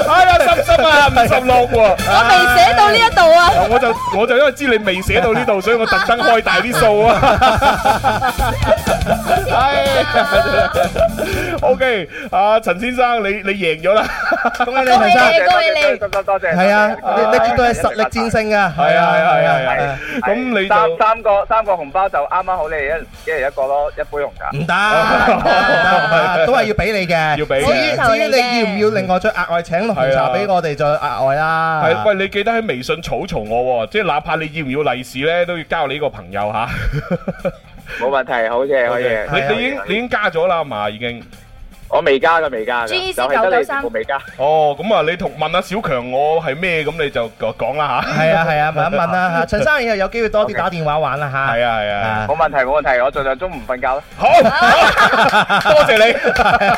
哎呀，深深啊，五十六喎。我未寫到呢一度啊。我就我就因為知你未寫到呢度，所以我特登開大啲數啊。係。O K，阿陳先生，你你贏咗啦。恭喜你，陳生，恭喜你，多多多謝。係啊，你你絕對係實力戰勝噶。係啊係啊係啊。咁你三三個三個紅包就啱啱好，你一一人一個咯，一杯紅茶。唔得。都係要俾你嘅，要俾你嘅，至於至於你要唔要另外再額外，嗯、請綠茶俾我哋再額外啦。係，喂，你記得喺微信草叢我喎，即係哪怕你要唔要利是呢，都要交你呢個朋友嚇。冇、啊、問題，好嘢，好嘢！你，好你已經你已經加咗啦，嘛，已經。我未加嘅，未加嘅。二四九九三，未加。哦，咁啊，你同問阿小強，我係咩？咁你就講啦嚇。係啊係啊，問一問啦嚇。陳生以後有機會多啲打電話玩啦嚇。係啊係啊，冇問題冇問題，我儘量中午瞓覺啦。好，多謝你。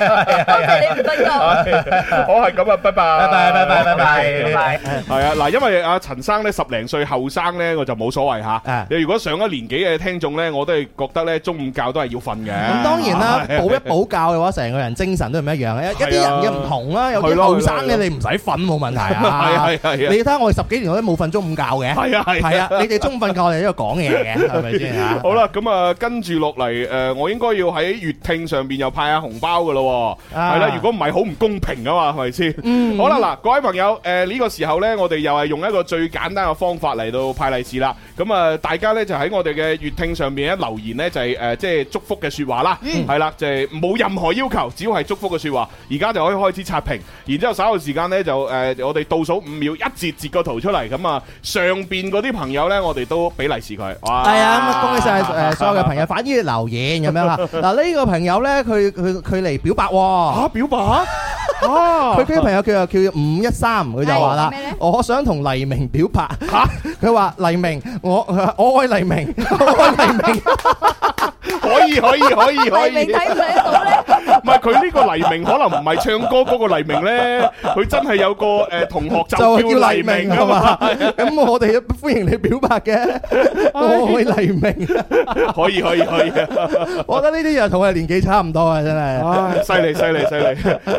多謝你唔該。好係咁啊，拜拜拜拜拜拜拜拜。係啊，嗱，因為阿陳生咧十零歲後生咧，我就冇所謂嚇。你如果上咗年紀嘅聽眾咧，我都係覺得咧中午覺都係要瞓嘅。咁當然啦，補一補覺嘅話，成個人精精神都唔一樣咧，一啲人嘅唔同啦，有啲後生嘅你唔使瞓冇問題啊，係係係。你睇下我哋十幾年我都冇瞓中午覺嘅，係啊係啊，你哋中午瞓覺我哋喺度講嘢嘅，係咪先？好啦，咁啊跟住落嚟誒，我應該要喺月聽上邊又派下紅包㗎咯，係啦，如果唔係好唔公平㗎嘛，係咪先？嗯，好啦嗱，各位朋友誒呢個時候咧，我哋又係用一個最簡單嘅方法嚟到派利是啦。咁啊，大家咧就喺我哋嘅月聽上邊咧留言咧就係誒即係祝福嘅説話啦，係啦，就係冇任何要求，只要係祝福嘅說話，而家就可以開始刷屏，然之後稍後時間咧就誒，我哋倒數五秒，一截截個圖出嚟。咁啊，上邊嗰啲朋友咧，我哋都俾利是佢。哇，係啊，咁恭喜晒，誒，所有嘅朋友，反意留言咁樣啦。嗱，呢個朋友咧，佢佢佢嚟表白喎。吓，表白？哦，佢呢個朋友佢又叫五一三，佢就話啦，我想同黎明表白。吓，佢話黎明，我我愛黎明，我愛黎明，可以可以可以可以。黎明睇唔睇到咧？唔係佢。呢個黎明可能唔係唱歌嗰個黎明咧，佢真係有個誒同學就叫黎明噶嘛。咁我哋歡迎你表白嘅，我係黎明。可以可以可以，我覺得呢啲人同我哋年紀差唔多啊，真係。唉，犀利犀利犀利。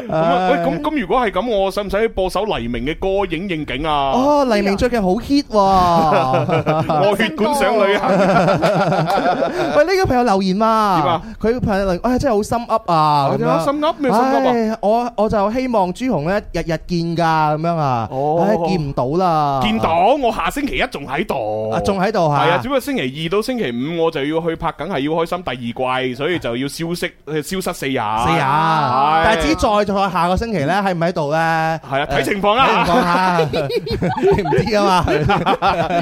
咁喂，咁咁如果係咁，我使唔使播首黎明嘅歌應應景啊？哦，黎明最近好 hit，我血管想旅行啊。喂，呢個朋友留言嘛？點啊？佢個朋友嚟，啊真係好心噏啊！心噏咩心噏？我我就希望朱紅咧日日見噶咁樣啊，唉見唔到啦。見到我下星期一仲喺度，仲喺度啊。係啊，只不過星期二到星期五我就要去拍，梗係要開心第二季，所以就要消失消失四日。四日，但係只在在下個星期咧，喺唔喺度咧？係啊，睇情況啦。睇情況吓，你唔知啊嘛。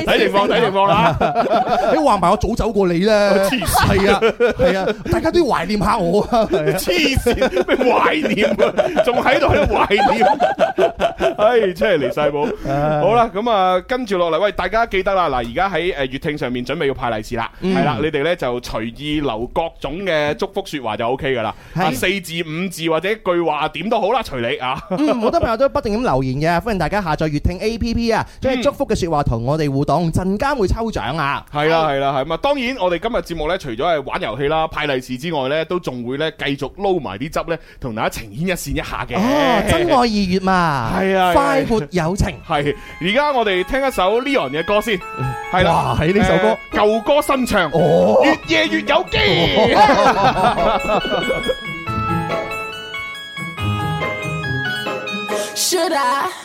睇情況，睇情況啦。你話唔埋我早走過你啦，黐線啊！係啊，大家都要懷念下我啊，黐線。咩懷念啊？仲喺度喺度懷念，唉，真係離晒譜。好啦，咁啊，跟住落嚟，喂，大家記得啦，嗱，而家喺誒月聽上面準備要派利是啦，係啦，你哋咧就隨意留各種嘅祝福說話就 O K 噶啦，四字五字或者句話點都好啦，隨你啊。好多朋友都不定咁留言嘅，歡迎大家下載月聽 A P P 啊，將祝福嘅說話同我哋互動，陣間會抽獎啊。係啦，係啦，係咁啊！當然，我哋今日節目咧，除咗係玩遊戲啦、派利是之外咧，都仲會咧繼續撈埋啲汁。咧同大家呈現一線一下嘅哦，真愛二月嘛，係啊，快活友情係。而家我哋聽一首 Leon 嘅歌先，係啦喺呢首歌舊歌新唱哦，越夜越有機。Should I?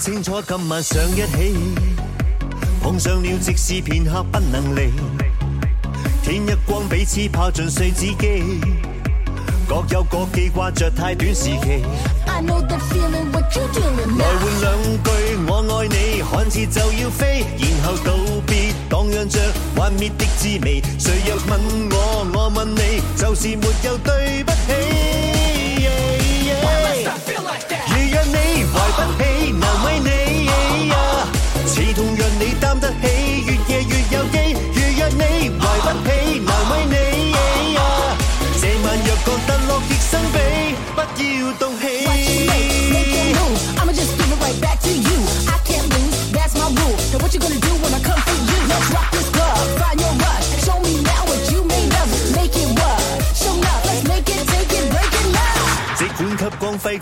清楚今晚想一起，碰上了即使片刻不能離。天一光彼此跑進碎紙機，各有各記掛着。太短時期。Feeling, 來換兩句我愛你，看似就要飛，然後道別蕩漾着幻滅的滋味。誰若問我，我問你，就是沒有對不起。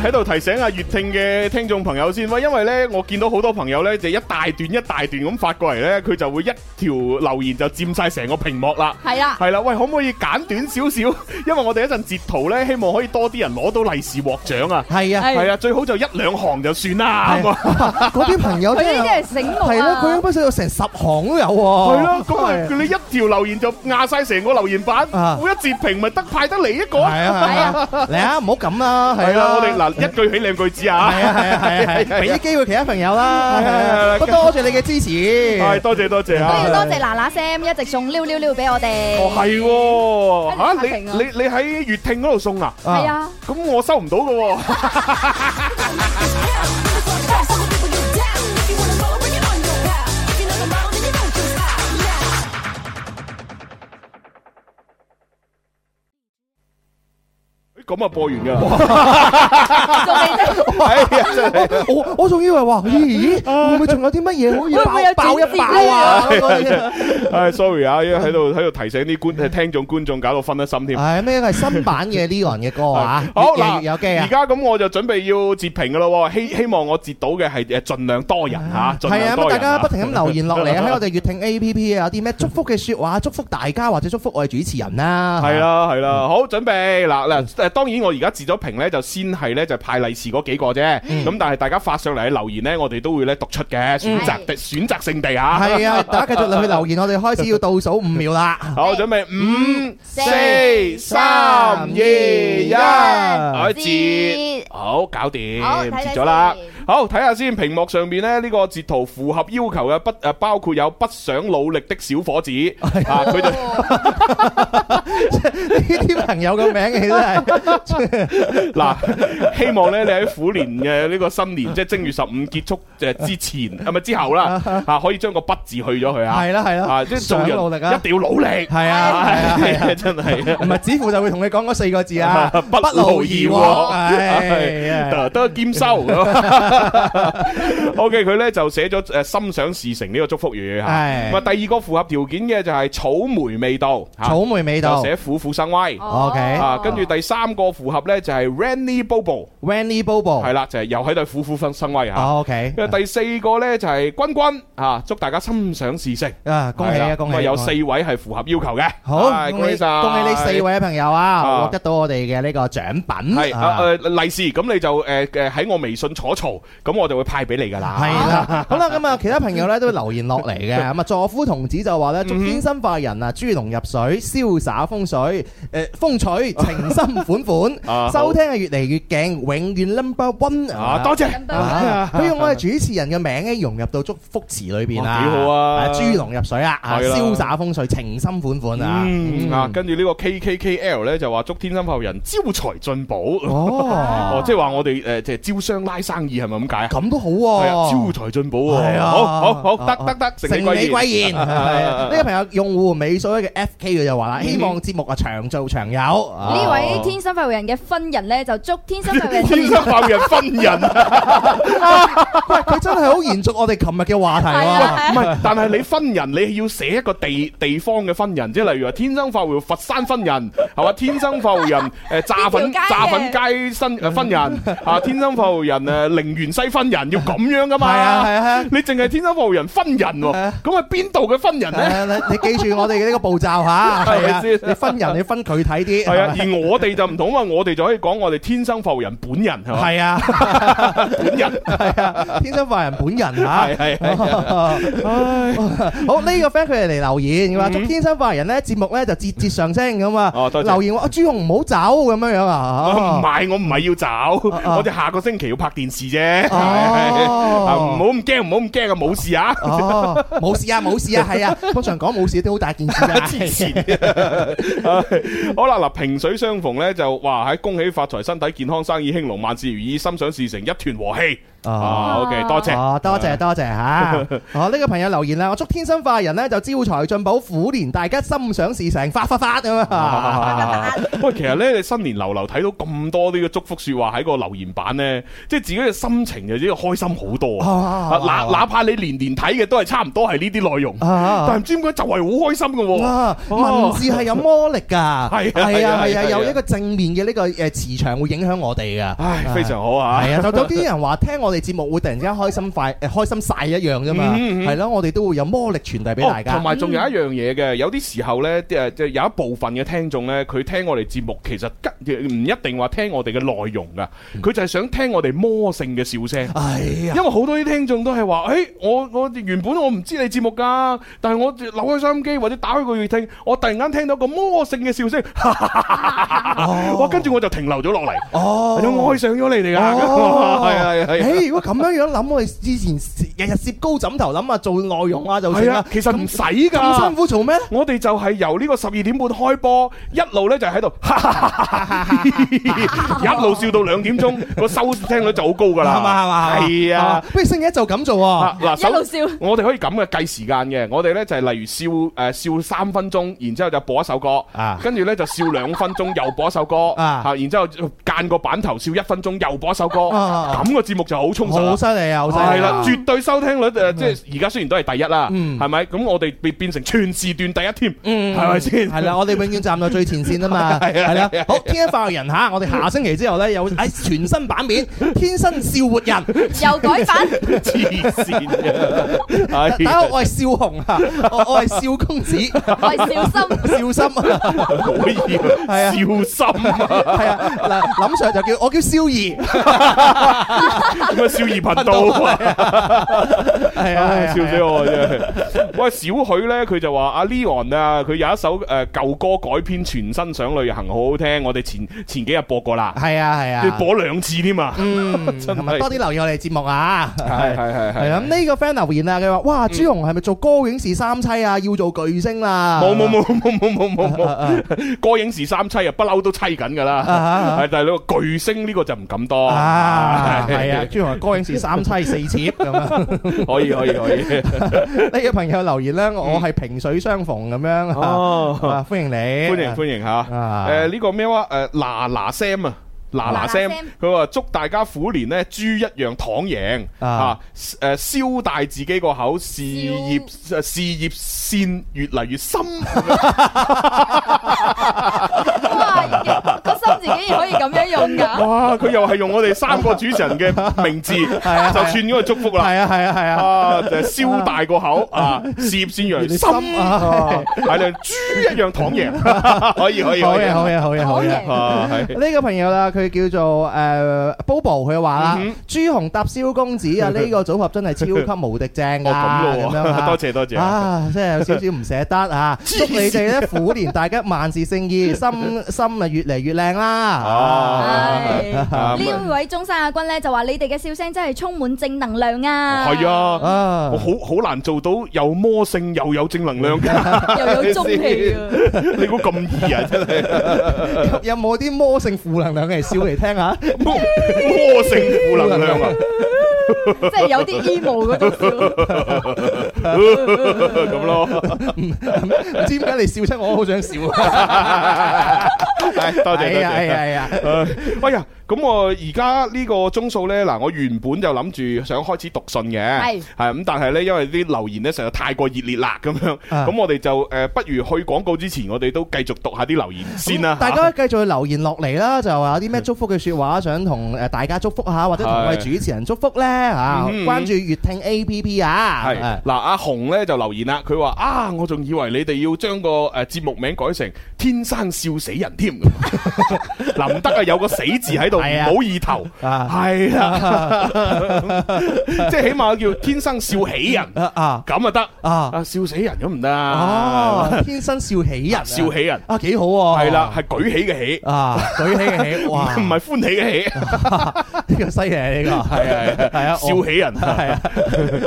喺度提醒下、啊、月聽嘅聽眾朋友先，喂，因為咧我見到好多朋友咧就一大段一大段咁發過嚟咧，佢就會一條留言就占晒成個屏幕啦。係啊，係啦，喂，可唔可以簡短少少？因為我哋一陣截圖咧，希望可以多啲人攞到利是獲獎啊。係啊，係啊，最好就一兩行就算啦。嗰啲朋友、啊、真係醒目，係啦、啊，佢有不使有成十行都有。係咯，咁啊，你、啊那個、一條留言就壓晒成個留言板，我、啊、一截屏咪得派得嚟一個。係啊，係啊，嚟 <laughs> 啊，唔好咁啦。係啊，啊，啊，啊，啊，我哋一句起兩句止啊！俾啲機會其他朋友啦，多謝你嘅支持，多謝多謝，都要多謝嗱嗱聲一直送溜溜溜俾我哋。哦，係喎，吓，你你你喺月聽嗰度送啊？係啊，咁我收唔到㗎喎。咁啊播完噶，我仲以為話咦會唔會仲有啲乜嘢可以爆一爆啊？sorry 啊，而家喺度喺度提醒啲觀聽眾觀眾，搞到分得心添。唉，咩係新版嘅呢個人嘅歌啊？好有機啊！而家咁我就準備要截屏噶咯，希希望我截到嘅係誒盡量多人吓，係啊，咁大家不停咁留言落嚟啊，喺我哋粵聽 APP 啊，有啲咩祝福嘅說話，祝福大家或者祝福我哋主持人啦，係啦係啦，好準備嗱嗱當然，我而家截咗屏呢，就先係咧就派利是嗰幾個啫。咁、嗯、但係大家發上嚟嘅留言呢，我哋都會咧讀出嘅選擇、嗯、選擇性地吓、啊。係啊，大家繼續落去留言， <laughs> 我哋開始要倒數五秒啦。4, 好，準備五、四、三、二、一，開始。4, 好，搞掂，截咗啦。好，睇下先，屏幕上面咧呢個截圖符合要求嘅不誒，包括有不想努力的小伙子啊，佢哋呢啲朋友嘅名，其實係嗱，希望咧你喺虎年嘅呢個新年，即係正月十五結束誒之前，係咪之後啦？啊，可以將個不字去咗佢啊，係啦係啦，即係仲要努力啊，一定要努力，係啊，真係唔係啊，子富就會同你講嗰四個字啊，不不勞而獲，誒，都兼收。O K，佢咧就寫咗誒心想事成呢個祝福語吓。咁啊，第二個符合條件嘅就係草莓味道，草莓味道就寫虎虎生威。O K，啊，跟住第三個符合咧就係 Rainy Bobo，Rainy Bobo 係啦，就係又喺度虎虎生生威吓。O K，啊，第四個咧就係君君啊，祝大家心想事成啊，恭喜啊，恭喜！有四位係符合要求嘅，好恭喜晒，恭喜你四位朋友啊，獲得到我哋嘅呢個獎品係誒利是，咁你就誒誒喺我微信坐坐。咁我就會派俾你噶啦，係啦，好啦，咁啊，其他朋友咧都會留言落嚟嘅，咁啊，助夫同子就話咧祝天生化人啊，豬籠入水，瀟灑風水，誒，風趣情深款款，收聽係越嚟越勁，永遠 number one，多謝，佢用我哋主持人嘅名咧融入到祝福詞裏邊啊。幾好啊，豬籠入水啊，瀟灑風水，情深款款啊，啊，跟住呢個 K K K L 咧就話祝天生化人招財進寶，哦，哦，即係話我哋誒即係招商拉生意係咪？咁解啊！咁都好啊，招財進寶啊，好好好，得得得，成你貴言，呢個朋友用戶美所謂嘅 F K 佢就話啦，希望節目啊長做長有。呢位天生發福人嘅分人咧，就祝天生發福人天生發福人分人，佢真係好延續我哋琴日嘅話題唔係，但係你分人，你要寫一個地地方嘅分人，即係例如話天生發福佛山分人，係嘛？天生發福人誒炸粉炸粉街新誒分人啊！天生發福人誒寧願。全西分人要咁樣噶嘛？係啊係啊，你淨係天生浮人分人喎，咁係邊度嘅分人咧？你你記住我哋嘅呢個步驟吓，係啊，你分人你分佢睇啲。係啊，而我哋就唔同啊，我哋就可以講我哋天生浮人本人係嘛？係啊，本人係啊，天生浮人本人吓，係係。好，呢個 friend 佢哋嚟留言嘅話，祝天生浮人咧節目咧就節節上升咁啊！留言話啊，朱紅唔好走咁樣樣啊！唔係我唔係要走，我哋下個星期要拍電視啫。唔好咁驚，唔好咁驚啊！冇事啊，冇、哦、事啊，冇事啊，係啊！通常講冇事都好大件事啊。黐線、 <laughs> 啊， <laughs> <laughs> 好啦，嗱，萍水相逢呢，就哇喺恭喜發財、身體健康、生意興隆、萬事如意、心想事成一團、一團和氣 OK 多謝，多謝多謝吓！哦、 <laughs> 啊，呢、呢個朋友留言啦，我祝天生快人呢，就招財進寶、虎年大吉、心想事成、發發發咁啊！喂、啊， <laughs> 其實呢，你新年流流睇到咁多呢個祝福說話喺個留言版呢，即係自己嘅心。情就只要開心好多啊！哪哪怕你年年睇嘅都係差唔多係呢啲內容，但唔知點解就係好開心嘅。文字係有魔力噶，係係啊係啊，有一個正面嘅呢個誒磁場會影響我哋噶，唉非常好啊！係啊，有有啲人話聽我哋節目會突然之間開心快誒開心晒一樣啫嘛，係咯，我哋都會有魔力傳遞俾大家。同埋仲有一樣嘢嘅，有啲時候呢，誒，有一部分嘅聽眾呢，佢聽我哋節目其實唔一定話聽我哋嘅內容噶，佢就係想聽我哋魔性嘅。笑聲，係啊，因為好多啲聽眾都係話，誒，我我原本我唔知你節目噶，但係我扭開收音機或者打開個月聽，我突然間聽到個魔性嘅笑聲，我跟住我就停留咗落嚟，哦，就愛上咗你哋啊，係啊係啊係啊，誒，如果咁樣樣諗，我哋之前日日攝高枕頭諗啊，做內容啊，就成啦，其實唔使噶，咁辛苦做咩咧？我哋就係由呢個十二點半開播，一路咧就喺度，一路笑到兩點鐘，個收聽率就好高噶啦。係嘛係嘛，係啊！不如星期一就咁做，嗱，一路笑。我哋可以咁嘅計時間嘅，我哋咧就係例如笑誒笑三分鐘，然之後就播一首歌，跟住咧就笑兩分鐘，又播一首歌，吓，然之後間個版頭笑一分鐘，又播一首歌，咁個節目就好充實，好犀利啊！好犀利。係啦，絕對收聽率誒，即係而家雖然都係第一啦，係咪？咁我哋變變成全時段第一添，係咪先？係啦，我哋永遠站到最前線啊嘛，係啊，好！天一快樂人吓，我哋下星期之後咧有喺全新版面，天生笑。活人又改版黐線嘅，我係少雄啊，我係少公子，我係少心。少心可以，係啊，少心係啊。嗱，林 Sir 就叫我叫少兒，少兒頻道啊？係啊，笑死我真係。喂，小許咧，佢就話阿 Leon 啊，佢有一首誒舊歌改編，全新想旅行好好聽，我哋前前幾日播過啦，係啊係啊，播兩次添嘛，真多啲留意我哋節目啊，係係係係咁呢個 friend 留言啊，佢話哇朱紅係咪做歌影視三妻啊，要做巨星啦？冇冇冇冇冇冇冇，歌影視三妻啊，不嬲都妻緊噶啦，但係呢個巨星呢個就唔敢多。係啊，朱紅係歌影視三妻四妾咁啊，可以可以可以。呢個朋友留言咧，我係萍水相逢咁樣啊，歡迎你，歡迎歡迎吓。誒呢個咩話？誒嗱嗱聲啊！嗱嗱聲，佢話祝大家虎年呢，豬一樣躺贏。嚇誒、啊啊、燒大自己個口，事業燒 事業線越嚟越深。 <laughs> <laughs> <laughs> 自己可以咁樣用噶？哇！佢又係用我哋三個主持人嘅名字，就算嗰個祝福啦。係啊，係啊，係啊！啊，燒大個口啊，舌線樣深啊，係像豬一樣躺贏，可以可以可以可以可以啊！係呢個朋友啦，佢叫做誒 Bobo，佢話啦，朱紅搭燒公子啊，呢個組合真係超級無敵正㗎，咁樣多謝多謝啊！真係有少少唔捨得啊！祝你哋咧虎年大吉，萬事勝意，心心啊越嚟越靚啦！啊！呢是、啊、位中山亞軍咧就話：你哋嘅笑聲真係充滿正能量啊！係啊，啊我好好難做到又魔性又有正能量嘅，又有中氣啊！ <laughs> 你估咁易啊？真係有冇啲魔性負能量嘅笑嚟，聽下 <laughs> 魔，魔性負能量啊！即係有啲 emo 嗰種，咁咯。唔知點解你笑出，我好想笑、， <laughs> <laughs> 哎。多謝，謝、哎、呀多謝。哎呀哎呀哎呀！ <laughs> 哎呀！ <laughs> 哎呀咁我而家呢個鐘數呢，嗱，我原本就諗住想開始讀信嘅，係的，係咁，但係呢，因為啲留言呢實在太過熱烈啦，咁樣，咁的我哋就誒，不如去廣告之前，我哋都繼續讀下啲留言先啦、嗯。大家繼續留言落嚟啦，就話有啲咩祝福嘅說話，的想同誒大家祝福下，或者同位主持人祝福呢。吓的，關注粵聽 A P P 啊。係的，嗱，阿紅呢就留言啦，佢話啊，我仲以為你哋要將個誒節目名改成天生笑死人添，唔得 <laughs> <laughs> 啊，有個死字喺。係啊，冇意頭啊，係啦，即係起碼叫天生笑喜人啊，咁啊得啊，笑死人都唔得啊，天生笑喜人，笑喜人啊，幾好喎，係啦，係舉起嘅喜啊，舉起嘅喜，哇，唔係歡喜嘅喜，呢個犀利呢個，係啊，係啊，笑喜人係啊，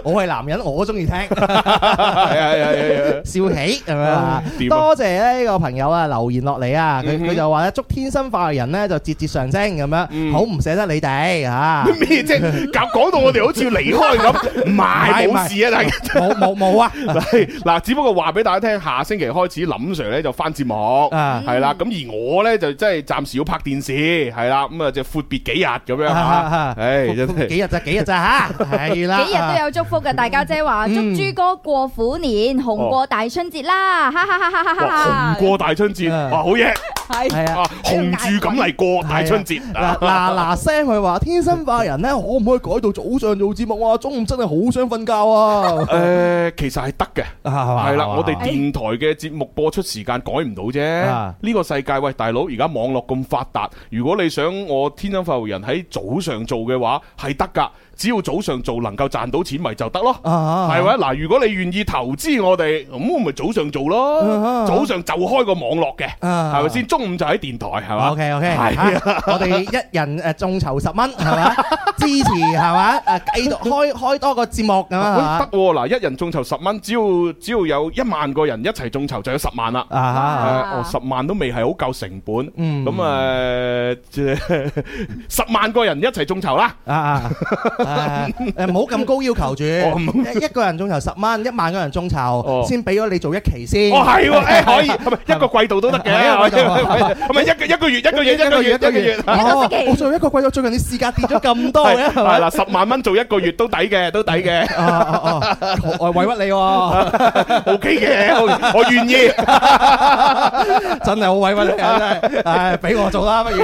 我係男人，我中意聽，係係係，笑喜係咪啊？多謝呢個朋友啊留言落嚟啊，佢佢就話咧祝天生快樂人咧就節節上升咁樣。好唔捨得你哋吓咩？即係講到我哋好似要離開咁，唔係冇事啊，大家冇冇冇啊！嗱，只不過話俾大家聽，下星期開始林 Sir 咧就翻節目，係啦。咁而我咧就真係暫時要拍電視，係啦。咁啊，就闊別幾日咁樣吓，唉，幾日咋？幾日咋？吓，係啦。幾日都有祝福嘅，大家姐話祝朱哥過虎年紅過大春節啦！哈哈哈！哈哈！紅過大春節，哇，好嘢！係啊，紅住咁嚟過大春節。嗱嗱嗱聲，佢話 <laughs> 天生化人咧，可唔可以改到早上做節目？啊？中午真係好想瞓覺啊！誒、 <laughs> 呃，其實係得嘅，係啦，我哋電台嘅節目播出時間改唔到啫。呢 <laughs> 個世界，喂，大佬，而家網絡咁發達，如果你想我天生化人喺早上做嘅話，係得噶。只要早上做能夠賺到錢咪就得咯，係咪？嗱，如果你願意投資我哋，咁咪早上做咯，早上就開個網絡嘅，係咪先？中午就喺電台係嘛？OK OK，係啊，我哋一人誒眾籌十蚊係嘛？支持係嘛？誒，繼續開開多個節目咁啊！得喎，嗱，一人眾籌十蚊，只要只要有一萬個人一齊眾籌，就有十萬啦。啊，十萬都未係好夠成本，咁誒，即十萬個人一齊眾籌啦。誒誒，唔好咁高要求住，一個人眾籌十蚊，一萬個人眾籌先俾咗你做一期先。哦，係誒，可以，唔係一個季度都得嘅，係咪？唔係一個一個月一個月一個月一個月。哦，我做一個季度，最近啲市價跌咗咁多嘅，係咪？嗱，十萬蚊做一個月都抵嘅，都抵嘅。哦哦哦，我委屈你喎，O K 嘅，我願意，真係好委屈你，真係，誒，俾我做啦，不如。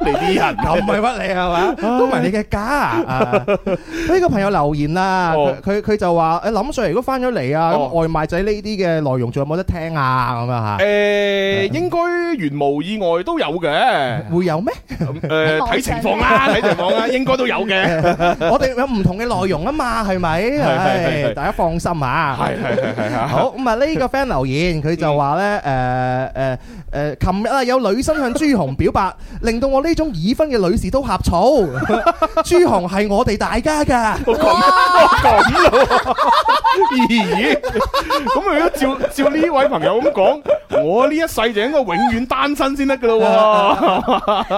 你啲人咁委屈你係嘛？都係你嘅家。啊！呢個朋友留言啦，佢佢就話誒，林 Sir 如果翻咗嚟啊，咁外賣仔呢啲嘅內容仲有冇得聽啊？咁樣吓？誒，應該原無意外都有嘅，會有咩？誒，睇情況啦，睇情況啦，應該都有嘅。我哋有唔同嘅內容啊嘛，係咪？大家放心啊。係係係。好，咁啊，呢個 friend 留言，佢就話咧，誒誒誒，琴日啊，有女生向朱紅表白，令到我呢種已婚嘅女士都呷醋。朱堂係我哋大家噶，我講多講咯，咦？咁啊，如果照照呢位朋友咁講，我呢一世就應該永遠單身先得噶咯。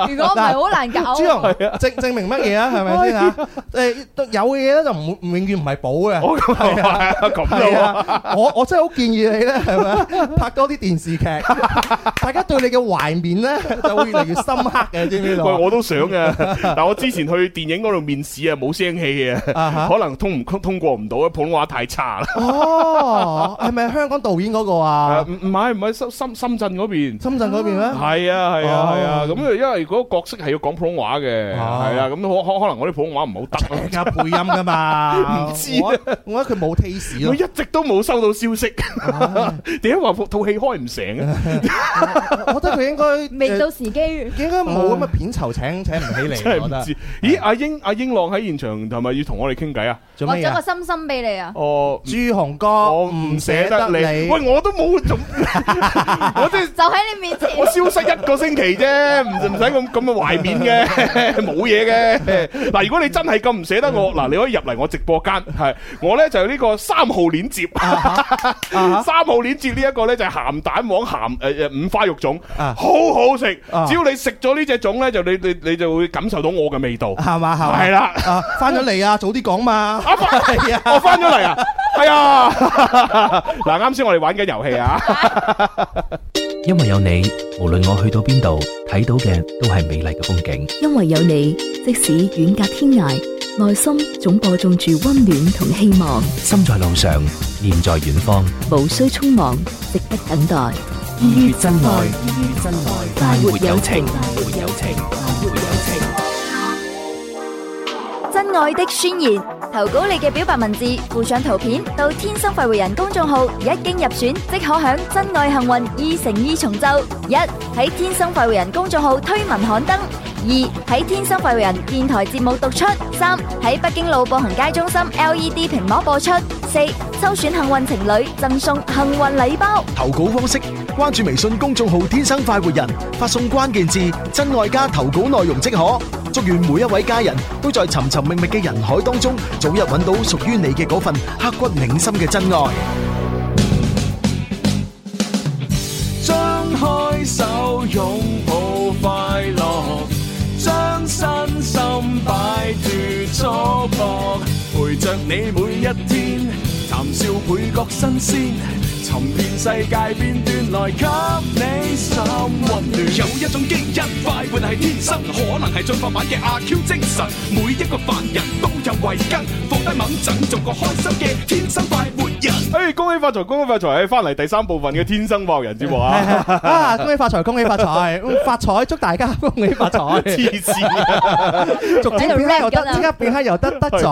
如果唔係，好難搞。這樣證證明乜嘢啊？係咪先啊？誒，有嘢咧就唔會永永遠唔係保嘅，係啊，咁啊。我我真係好建議你咧，係咪？拍多啲電視劇，大家對你嘅懷緬咧就會越嚟越深刻嘅，知唔知道？我都想嘅！但係我之前去電影嗰度。面試啊，冇聲氣啊，可能通唔通過唔到啊，普通話太差啦。哦，係咪香港導演嗰個啊？唔唔，唔係唔係深深圳嗰邊，深圳嗰邊咩？係啊係啊係啊，咁因為嗰角色係要講普通話嘅，係啊，咁可可能我啲普通話唔好得，而家配音噶嘛。唔知我覺得佢冇 taste 佢一直都冇收到消息。點解話套戲開唔成？我覺得佢應該未到時機，應該冇咁嘅片酬，請請唔起嚟。真係唔知。咦，阿英？阿英朗喺現場，係咪要同我哋傾偈啊？做咩啊？我送個心心俾你啊！哦，朱紅哥，我唔捨得你。喂，我都冇種，我即係就喺你面前。我消失一個星期啫，唔唔使咁咁嘅懷緬嘅，冇嘢嘅。嗱，如果你真係咁唔捨得我，嗱，你可以入嚟我直播間，係我咧就呢個三號鏈接，三號鏈接呢一個咧就係鹹蛋黃鹹誒誒五花肉粽，好好食。只要你食咗呢隻粽咧，就你你你就會感受到我嘅味道，係嘛？係啦，翻咗嚟啊，早啲講嘛。阿伯係啊，我翻咗嚟啊，係啊。嗱，啱先我哋玩緊遊戲啊。因為有你，無論我去到邊度，睇到嘅都係美麗嘅風景。因為有你，即使遠隔天涯，內心總播種住溫暖同希望。心在路上，念在遠方，無需匆忙，值得等待。愈珍愛，愈珍愛，快活有情，快活有情。愛的宣言，投稿你嘅表白文字附上圖片，到天生快活人公眾號，一經入選即可享真愛幸運二乘二重奏。一喺天生快活人公眾號推文刊登；二喺天生快活人電台節目讀出；三喺北京路步行街中心 LED 屏幕播出；四抽選幸運情侶贈送幸運禮包。投稿方式：關注微信公眾號天生快活人，發送關鍵字真愛加投稿內容即可。祝願每一位家人都在尋尋覓覓。嘅 <noise> 人海當中，早日揾到屬於你嘅嗰份刻骨銘心嘅真愛。張開 <noise> <noise> 手，擁抱快樂，將身心擺脱束縛，陪着你每一天，談笑倍覺新鮮。尋遍世界片段來給你心溫暖，有一種基因快活係天生，可能係進化版嘅阿 Q 精神。每一個凡人都有遺根，放低猛枕，做個開心嘅天生快活人。哎、hey，恭喜發財， <laughs> 恭喜發財，翻嚟第三部分嘅天生博人節目啊！啊，恭喜發財，恭喜發財，發財祝大家恭喜發財。黐線，逐漸變又得，即刻 <laughs> 變黑又得得咗。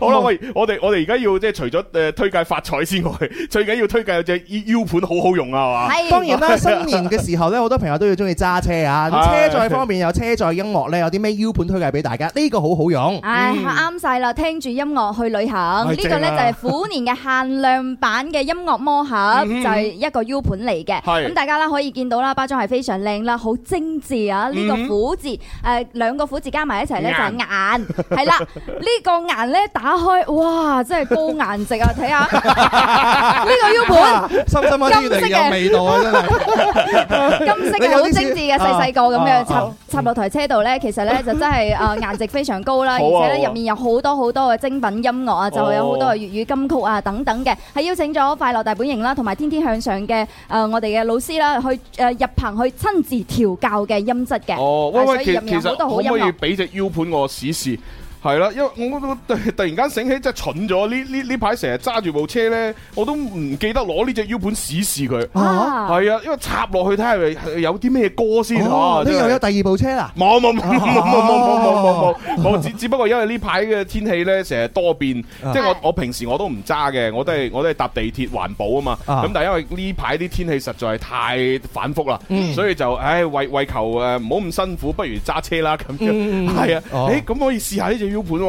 好啦，我我哋我哋而家要即係除咗誒推介發財之外，最緊要推介，U 盤好好用啊嘛！係當然啦，新年嘅時候咧，好多朋友都要鍾意揸車啊。車載方面有車載音樂咧，有啲咩 U 盤推介俾大家？呢個好好用，唉，啱晒啦！聽住音樂去旅行，呢個咧就係虎年嘅限量版嘅音樂魔盒，就係一個 U 盤嚟嘅。咁大家啦可以見到啦，包裝係非常靚啦，好精緻啊！呢個虎字誒，兩個虎字加埋一齊咧就係眼，係啦。呢個顏咧打開，哇！真係高顏值啊！睇下呢個 U 盤。深深嗰啲越嚟越有味道啊！真係金色好精致嘅，細細個咁樣插插落台車度咧，其實咧就真係誒顏值非常高啦，而且咧入面有好多好多嘅精品音樂啊，就有好多嘅粵語金曲啊等等嘅，係邀請咗《快樂大本營》啦，同埋《天天向上》嘅誒我哋嘅老師啦，去誒入棚去親自調教嘅音質嘅。哦，喂喂，其實可唔可以俾隻 U 盤我試試？係啦，因為我突然間醒起，真係蠢咗。呢呢呢排成日揸住部車咧，我都唔記得攞呢隻 U 盤試試佢。啊，係啊，因為插落去睇下有啲咩歌先。你、哦就係、又有第二部車啦？冇冇冇冇冇冇冇冇冇冇，只只不過因為呢排嘅天氣咧，成日多變。啊、即係我我平時我都唔揸嘅，我都係我都係搭地鐵環保啊嘛。咁、啊、但係因為呢排啲天氣實在係太反覆啦，嗯、所以就唉為為求誒唔好咁辛苦，不如揸車啦咁樣。係啊、嗯、誒、嗯、咁、欸、可以試下呢隻 U 盤，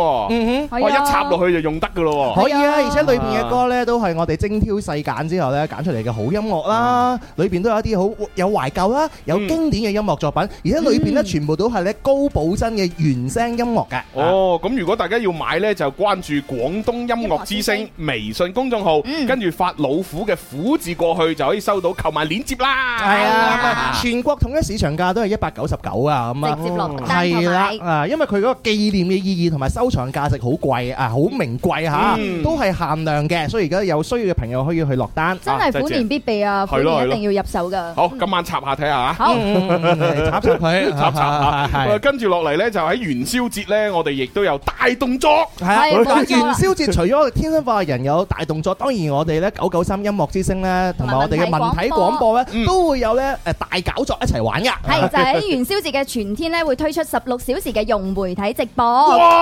我一插落去就用得噶咯。可以啊，而且裏面嘅歌咧都係我哋精挑細揀之後咧揀出嚟嘅，好音樂啦，裏邊都有一啲好有懷舊啦，有經典嘅音樂作品，而且裏邊咧全部都係咧高保真嘅原聲音樂嘅。哦，咁如果大家要買咧，就關注廣東音樂之聲微信公眾號，跟住發老虎嘅虎字過去，就可以收到購買鏈接啦。係啊，全國統一市場價都係一百九十九啊，咁啊，係啦啊，因為佢嗰個紀念嘅意義。同埋收藏價值好貴啊，好名貴嚇，都係限量嘅，所以而家有需要嘅朋友可以去落單。真係虎年必備啊，虎年一定要入手噶。好，今晚插下睇下啊。好，插插，插插。係，跟住落嚟呢，就喺元宵節呢，我哋亦都有大動作。係，元宵節除咗天生化人有大動作，當然我哋呢九九三音樂之星呢，同埋我哋嘅文體廣播呢，都會有呢誒大搞作一齊玩噶。係，就喺元宵節嘅全天呢，會推出十六小時嘅融媒體直播。哇！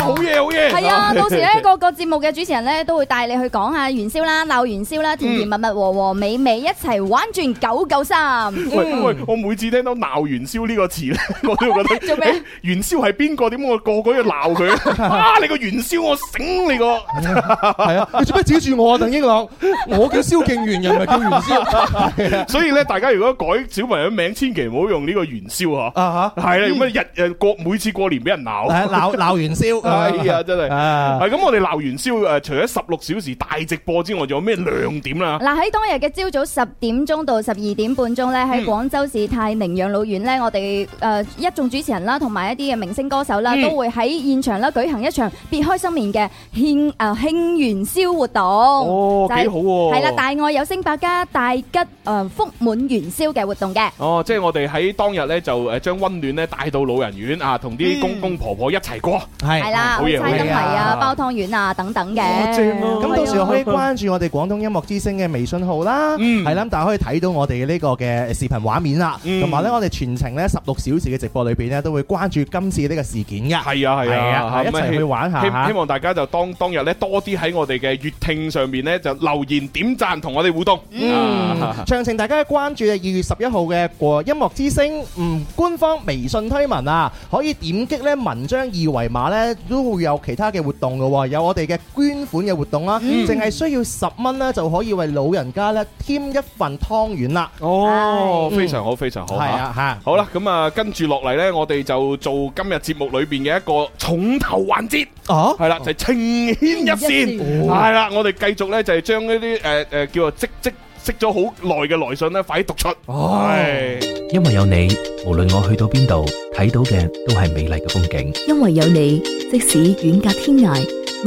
好嘢，好嘢。係啊，到時咧個個節目嘅主持人咧都會帶你去講下元宵啦，鬧元宵啦，甜甜蜜蜜和和美美一齊玩轉九九三。喂，我每次聽到鬧元宵呢個詞咧，我都會覺得做咩？元宵係邊個？點解我個個要鬧佢？啊！你個元宵我醒你個，係啊！你做咩指住我啊？鄧英朗，我叫蕭敬元，又唔係叫元宵。所以咧，大家如果改小朋友名，千祈唔好用呢個元宵啊哈！係啊，要乜日日過每次過年俾人鬧。鬧鬧元宵， <laughs> 哎呀 <laughs> 啊，真、嗯、係，啊係咁，我哋鬧元宵誒，除咗十六小時大直播之外，仲有咩亮點啊？嗱，喺、啊、當日嘅朝早十點鐘到十二點半鐘咧，喺廣州市泰寧養老院咧，我哋誒、呃、一眾主持人啦，同埋一啲嘅明星歌手啦，都會喺現場咧舉行一場別開生面嘅慶誒慶元宵活動。哦，幾好係、啊、啦、就是，大愛有聲百家大吉誒、呃，福滿元宵嘅活動嘅。哦，即係我哋喺當日咧就誒將温暖咧帶到老人院啊，同啲公，公公婆婆、啊。我一齊過，係啦，猜燈謎啊，包湯圓啊，等等嘅。咁到時可以關注我哋廣東音樂之星嘅微信號啦，係啦，大家可以睇到我哋呢個嘅視頻畫面啦，同埋呢我哋全程呢十六小時嘅直播裏邊呢都會關注今次呢個事件嘅。係啊，係啊，一齊去玩下。希望大家就當當日呢多啲喺我哋嘅粵聽上面呢就留言點贊同我哋互動。嗯，詳情大家嘅關注啊！二月十一號嘅音樂之星嗯官方微信推文啊，可以點擊呢文。將二維碼呢都會有其他嘅活動嘅喎，有我哋嘅捐款嘅活動啦，淨係需要十蚊呢，就可以為老人家呢添一份湯圓啦。哦，非常好，非常好。係啊，吓，好啦，咁啊跟住落嚟呢，我哋就做今日節目裏邊嘅一個重頭環節。哦，係啦，就係情牽一線。係啦，我哋繼續呢，就係將呢啲，誒，誒，叫做積積識咗好耐嘅來信呢，快啲讀出。係，因為有你，無論我去到邊度，睇到嘅都係美麗嘅風景。因為有你，即使遠隔天涯，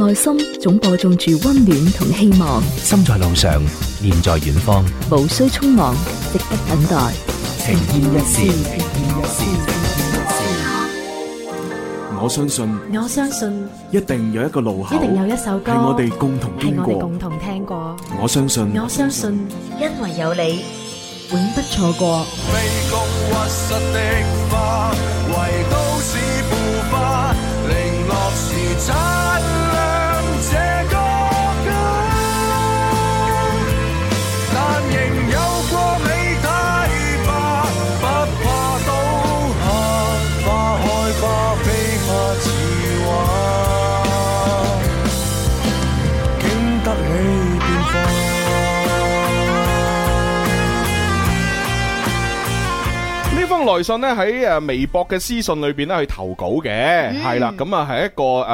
內心總播種住溫暖同希望。心在路上，念在遠方，無需匆忙，值得等待。晴天一線，晴天一線，晴天一線。我相信，我相信。一定有一個路口，一定有一首歌係我哋共同經過，係我哋共同聽過。我相信，我相信，因為有你，永不錯過。 <music> 來信呢，喺誒微博嘅私信裏邊咧去投稿嘅，係啦、嗯，咁啊係一個誒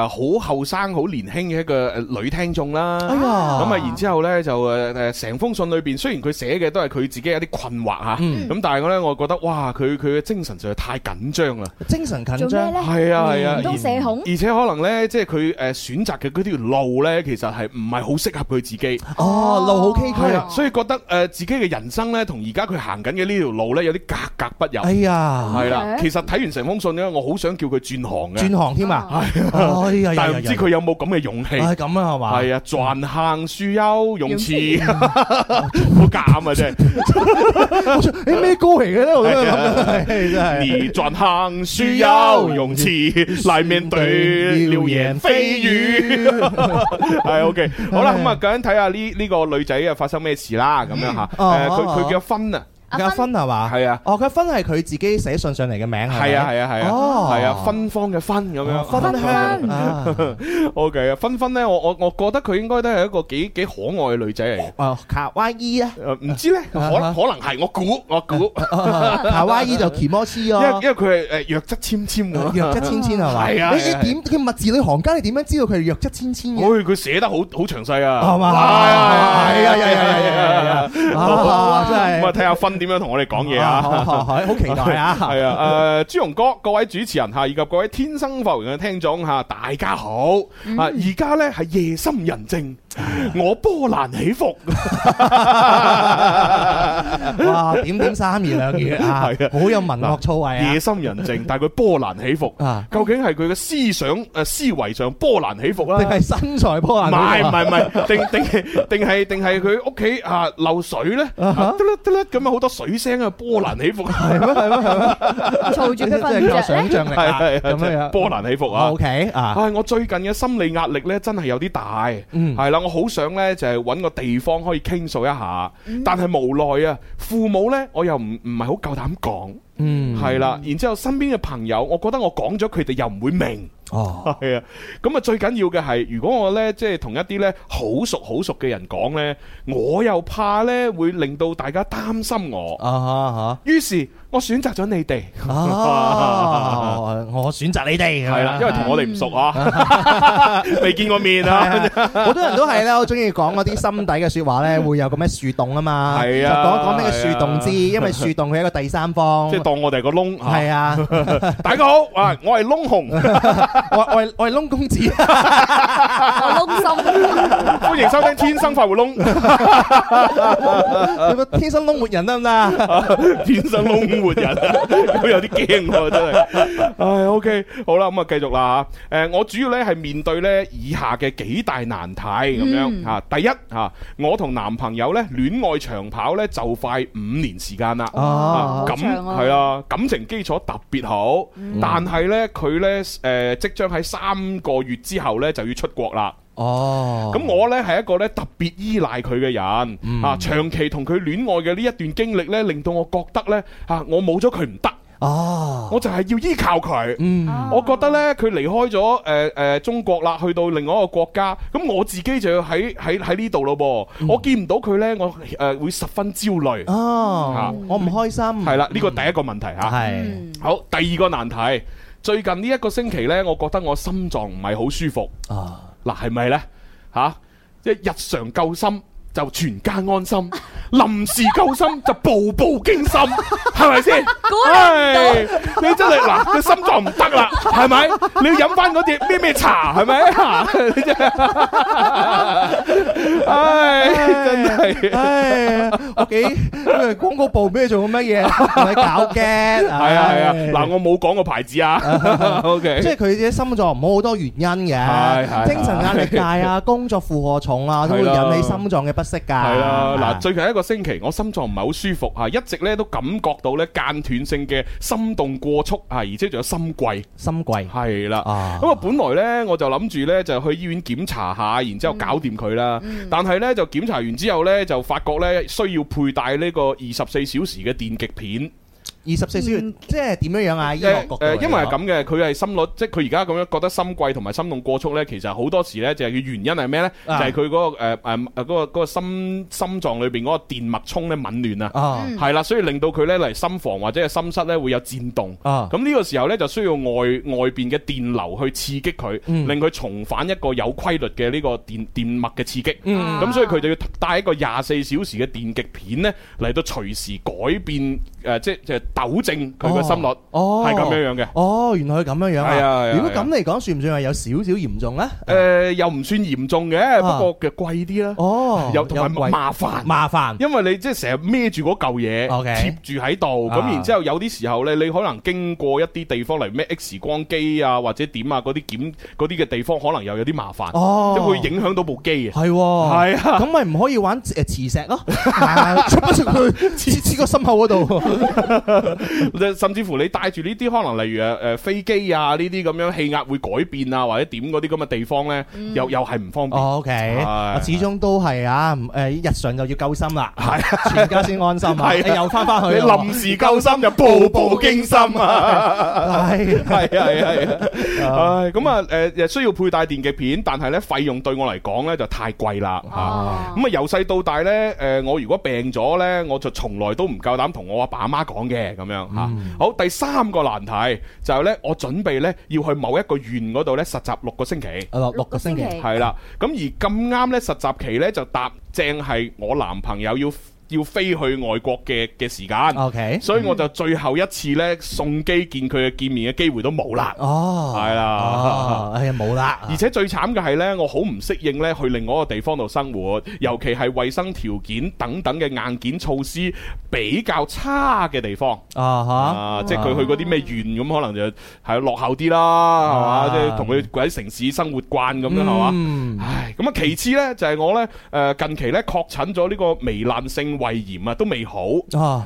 好後生、好年輕嘅一個女聽眾啦。哎呀，咁啊然之後咧就誒誒成封信裏邊，雖然佢寫嘅都係佢自己有啲困惑吓，咁、嗯、但係咧，我覺得哇，佢佢嘅精神實在太緊張啦，精神緊張，唔通社恐？係啊係啊，而且可能呢，即係佢誒選擇嘅嗰條路呢，其實係唔係好適合佢自己？哦，路好崎嶇，啊，所以覺得誒自己嘅人生呢，同而家佢行緊嘅呢條路呢，有啲格格不入。啊，係啦，其實睇完成封信咧，我好想叫佢轉行嘅，轉行添啊，係，但係唔知佢有冇咁嘅勇氣。係咁啊，係嘛，係啊，轉行樹幽，勇氣好夾啊，真。誒咩歌嚟嘅咧？我覺得係而轉行樹幽，勇氣嚟面對流言蜚語。係 OK，好啦，咁啊，究竟睇下呢呢個女仔啊發生咩事啦？咁樣吓，誒，佢佢叫阿芬啊。嘅分，係嘛，係啊，哦，佢分係佢自己寫信上嚟嘅名係啊係啊係啊，係啊芬芳嘅芬咁樣，芬香，ok 啊，芬芬咧，我我我覺得佢應該都係一個幾幾可愛嘅女仔嚟，卡哇伊啊，唔知咧，可可能係我估我估卡哇伊就喬摩斯咯，因因為佢係弱質纖纖嘅弱質纖纖係嘛，你你點佢文字女行家，你點樣知道佢係弱質纖纖？佢寫得好好詳細啊，係啊係啊係啊係啊，啊真係，咁啊睇下分點樣同我哋講嘢啊？好期待啊！係啊！誒，朱榮哥，各位主持人吓，以及各位天生浮務員嘅聽眾吓，大家好！而家咧係夜深人靜，我波瀾起伏，哇！點點三言兩語啊，係啊，好有文學造詣啊！夜深人靜，但係佢波瀾起伏，究竟係佢嘅思想誒思維上波瀾起伏啦？定係身材波瀾起伏？唔係唔係唔係，定定定係定係佢屋企吓漏水咧？咁啊，好多。水聲啊，波瀾起伏， <laughs> 係咯，係咯、 <laughs> 啊，係咯、 <laughs> 啊，嘈住得分象，想象力。係咁波瀾起伏啊。O K 啊，係我最近嘅心理壓力咧，真係有啲大，係啦、嗯啊，我好想咧就係揾個地方可以傾訴一下，但係無奈啊，父母咧我又唔唔係好夠膽講，嗯，係啦、啊，然之後身邊嘅朋友，我覺得我講咗佢哋又唔會明。哦，係啊、oh.，咁啊最緊要嘅係，如果我呢，即係同一啲呢好熟好熟嘅人講呢，我又怕呢會令到大家擔心我，啊吓吓、uh huh. 於是。我選擇咗你哋，我選擇你哋，係啦，因為同我哋唔熟啊，未見過面啊，好多人都係啦，好中意講嗰啲心底嘅説話咧，會有個咩樹洞啊嘛，就講講咩樹洞知，因為樹洞佢係一個第三方，即係當我哋個窿，係啊，大家好啊，我係窿紅，我我我係窿公子，我窿心，歡迎收聽天生快活窿，點解天生窿沒人得唔得啊？天生窿。活人，我 <laughs> 有啲驚咯，真係。唉，OK，好啦，咁啊，繼續啦誒、呃，我主要咧係面對咧以下嘅幾大難題咁、嗯、樣吓。第一吓，我同男朋友咧戀愛長跑咧就快五年時間啦。哦、啊，啊長啊。係啊，感情基礎特別好，但係咧佢咧誒即將喺三個月之後咧就要出國啦。哦，咁我呢係一個呢特別依賴佢嘅人啊，嗯、長期同佢戀愛嘅呢一段經歷呢，令到我覺得呢，吓我冇咗佢唔得哦，我就係要依靠佢。嗯，我覺得呢，佢離開咗誒誒中國啦，去到另外一個國家，咁我自己就要喺喺喺呢度咯噃，我見唔到佢呢，我誒會十分焦慮、哦、啊，我唔開心。係啦了，呢個、嗯、第一個問題吓係、嗯啊、好第二個難題。最近呢一個星期呢，我覺得我心臟唔係好舒服啊。嗱，係咪呢？嚇、啊，即日常救心就全家安心。 <laughs> 臨時救心就步步驚心，係咪先？唉、哎，你真係嗱，你心臟唔得啦，係咪？你要飲翻嗰啲咩咩茶，係咪？唉，真係唉，我幾廣告部畀你做乜嘢？喺搞 g a 係啊係啊！嗱、啊，我冇講個牌子啊。哎、OK，即係佢啲心臟唔好好多原因嘅，啊啊、精神壓力大啊，啊工作負荷重啊，都會引起心臟嘅不適㗎。係啊，嗱、啊，啊、最近一個星期我心臟唔係好舒服吓、啊，一直咧都感覺到咧間斷性嘅心動過速吓、啊，而且仲有心悸、心悸係啦。咁了啊，我本來咧我就諗住咧就去醫院檢查下，然之後搞掂佢啦。嗯、但係咧就檢查完之後咧就發覺咧需要佩戴呢個二十四小時嘅電極片。二十四小時，嗯、即係點樣樣啊？誒因為係咁嘅，佢係吧心率，即係佢而家咁樣覺得心悸同埋心動過速呢。其實好多時呢，啊、就係佢原因係咩呢？就係佢嗰個誒誒嗰個心心臟裏邊嗰個電脈衝咧紊亂啊，係啦，所以令到佢呢嚟心房或者係心室呢，會有顫動啊。咁呢個時候呢，就需要外外邊嘅電流去刺激佢，嗯、令佢重返一個有規律嘅呢個電電脈嘅刺激。咁所以佢就要帶一個廿四小時嘅電極片呢，嚟到隨時改變。誒，即係即係糾正佢個心率，係咁樣樣嘅。哦，原來係咁樣樣。係啊係啊。如果咁嚟講，算唔算係有少少嚴重咧？誒，又唔算嚴重嘅，不過嘅貴啲啦。哦，又同埋麻煩麻煩，因為你即係成日孭住嗰嚿嘢，貼住喺度，咁然之後有啲時候咧，你可能經過一啲地方嚟咩 X 光機啊，或者點啊，嗰啲檢嗰啲嘅地方，可能又有啲麻煩。哦，即係會影響到部機嘅。係，係啊。咁咪唔可以玩誒磁石咯？出不食佢黐黐個心口嗰度。 <laughs> 甚至乎你帶住呢啲可能例如誒誒飛機啊呢啲咁樣，氣壓會改變啊或者點嗰啲咁嘅地方呢、啊，mm. 又又係唔方便。O Okay , K，的始終都係啊誒日常就要救心啦，係全家先安心、啊，係 <laughs> 的又翻翻去，臨時救心就步步驚心啊，系系系，唉， <laughs> <laughs> 咁啊誒，需要佩戴電極片，但係呢費用對我嚟講呢，就太貴啦。啊，咁啊由細到大呢，誒、呃、我如果病咗呢，我就從來都唔夠膽同我阿爸。阿媽講嘅咁樣嚇，嗯、好第三個難題就係、是、呢：我準備呢要去某一個縣嗰度呢實習六個星期，啊、六個星期係啦，咁、嗯、而咁啱呢實習期呢就答正係我男朋友要。要飛去外國嘅嘅時間，Okay? 所以我就最後一次咧送機見佢嘅見面嘅機會都冇啦。哦，係啦、啊，哎呀冇啦。而且最慘嘅係咧，我好唔適應咧去另外一個地方度生活，尤其係衛生條件等等嘅硬件措施比較差嘅地方。哦、啊哈，啊即係佢去嗰啲咩縣咁，可能就係落後啲啦，係嘛、啊？即係同佢喺城市生活慣咁樣，係嘛、嗯？唉，咁啊，其次咧就係、是、我咧誒近期咧確診咗呢個糜爛性。胃炎啊，都未好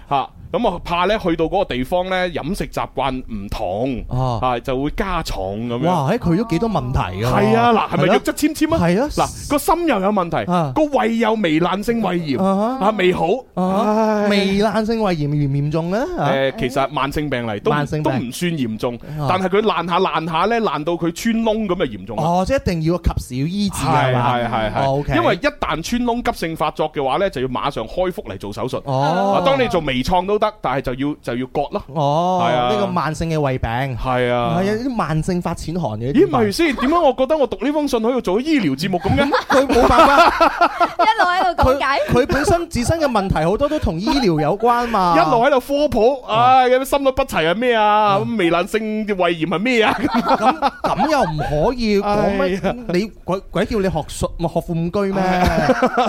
吓咁啊，怕咧去到嗰個地方咧，飲食習慣唔同啊，就會加重咁樣。哇，誒，佢都幾多問題啊？係啊，嗱，係咪弱質纖纖啊？係啊，嗱，個心又有問題，個胃有糜爛性胃炎啊，未好，唉，糜爛性胃炎嚴唔嚴重咧？誒，其實慢性病嚟，都都唔算嚴重，但係佢爛下爛下咧，爛到佢穿窿咁就嚴重哦，即一定要及時要醫治係嘛？係係，因為一旦穿窿急性發作嘅話咧，就要馬上開。復嚟做手術哦，當你做微創都得，但係就要就要割咯哦，係啊，呢個慢性嘅胃病係啊，係啊，啲慢性發淺寒嘅。咦，唔係先，點解我覺得我讀呢封信可以做醫療節目咁樣，佢冇辦法，一路喺度講解。佢本身自身嘅問題好多都同醫療有關嘛，一路喺度科普。唉，有啲心律不齊係咩啊？咁糜爛性嘅胃炎係咩啊？咁咁又唔可以講咩？你鬼鬼叫你學術學富五居咩？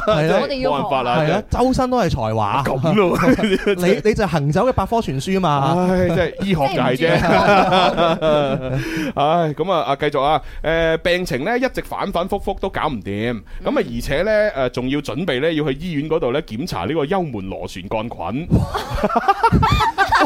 我哋冇辦法啊，係啊，周身都。都係才華咁咯，你你就行走嘅百科全書啊嘛，唉，即係醫學界啫。 <laughs> 唉，咁啊，阿繼續啊，誒，病情咧一直反反復復都搞唔掂，咁啊、嗯、而且咧誒仲要準備咧要去醫院嗰度咧檢查呢個幽門螺旋杆菌。 <laughs>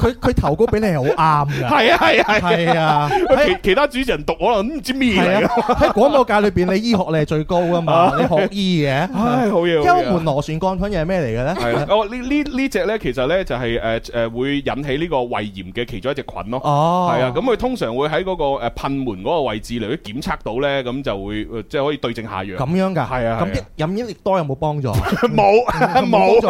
佢佢投高俾你係好啱㗎，係啊係啊係啊！喺其他主持人讀可能都唔知咩嚟嘅。喺廣播界裏邊，你醫學你係最高㗎嘛？你學醫嘅，唉好要幽門螺旋桿菌又係咩嚟嘅咧？係啦，哦呢呢呢隻咧，其實咧就係誒誒會引起呢個胃炎嘅其中一隻菌咯。哦，係啊，咁佢通常會喺嗰個誒噴門嗰個位置嚟去檢測到咧，咁就會即係可以對症下藥。咁樣㗎，係啊。咁飲益力多有冇幫助？冇冇。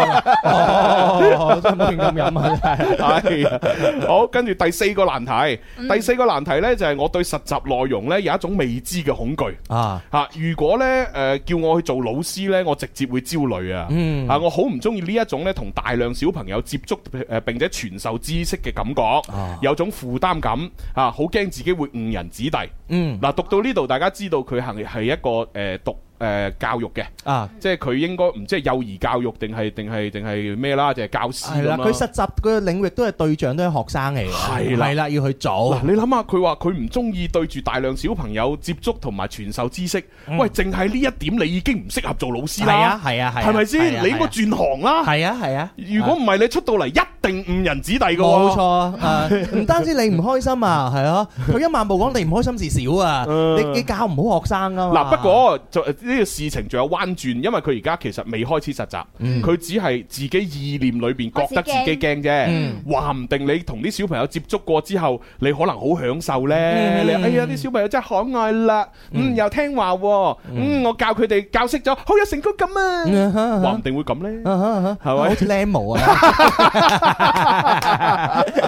哦，真係唔好咁飲啊！真係。 <laughs> 好，跟住第四個難題，第四個難題呢，就係我對實習內容呢有一種未知嘅恐懼啊吓！如果呢誒、呃、叫我去做老師呢，我直接會焦慮啊！嗯、啊，我好唔中意呢一種呢同大量小朋友接觸誒、呃，並且傳授知識嘅感覺，啊、有種負擔感啊，好驚自己會誤人子弟。嗯，嗱、啊，讀到呢度，大家知道佢係係一個誒、呃、讀。誒，教育嘅啊，即係佢應該唔知係幼兒教育定係定係定係咩啦，定係教師咁樣。佢實習個領域都係對象都係學生嚟嘅。係啦了，要去做。你諗下，佢話佢唔中意對住大量小朋友接觸同埋傳授知識。嗯、喂，淨係呢一點你已經唔適合做老師啦。係啊，係啊，係咪先？你應該轉行啦。係啊，係啊。如果唔係你出到嚟一。定誤人子弟嘅喎，冇錯。唔單止你唔開心啊，係咯，佢一萬步講你唔開心事少啊。你你教唔好學生啊。嗱，不過就呢個事情仲有彎轉，因為佢而家其實未開始實習，佢只係自己意念裏邊覺得自己驚啫。話唔定你同啲小朋友接觸過之後，你可能好享受呢。你哎呀啲小朋友真係可愛啦，嗯又聽話，嗯我教佢哋教識咗，好有成功感啊。話唔定會咁呢？係咪？好似靚模啊！係啊！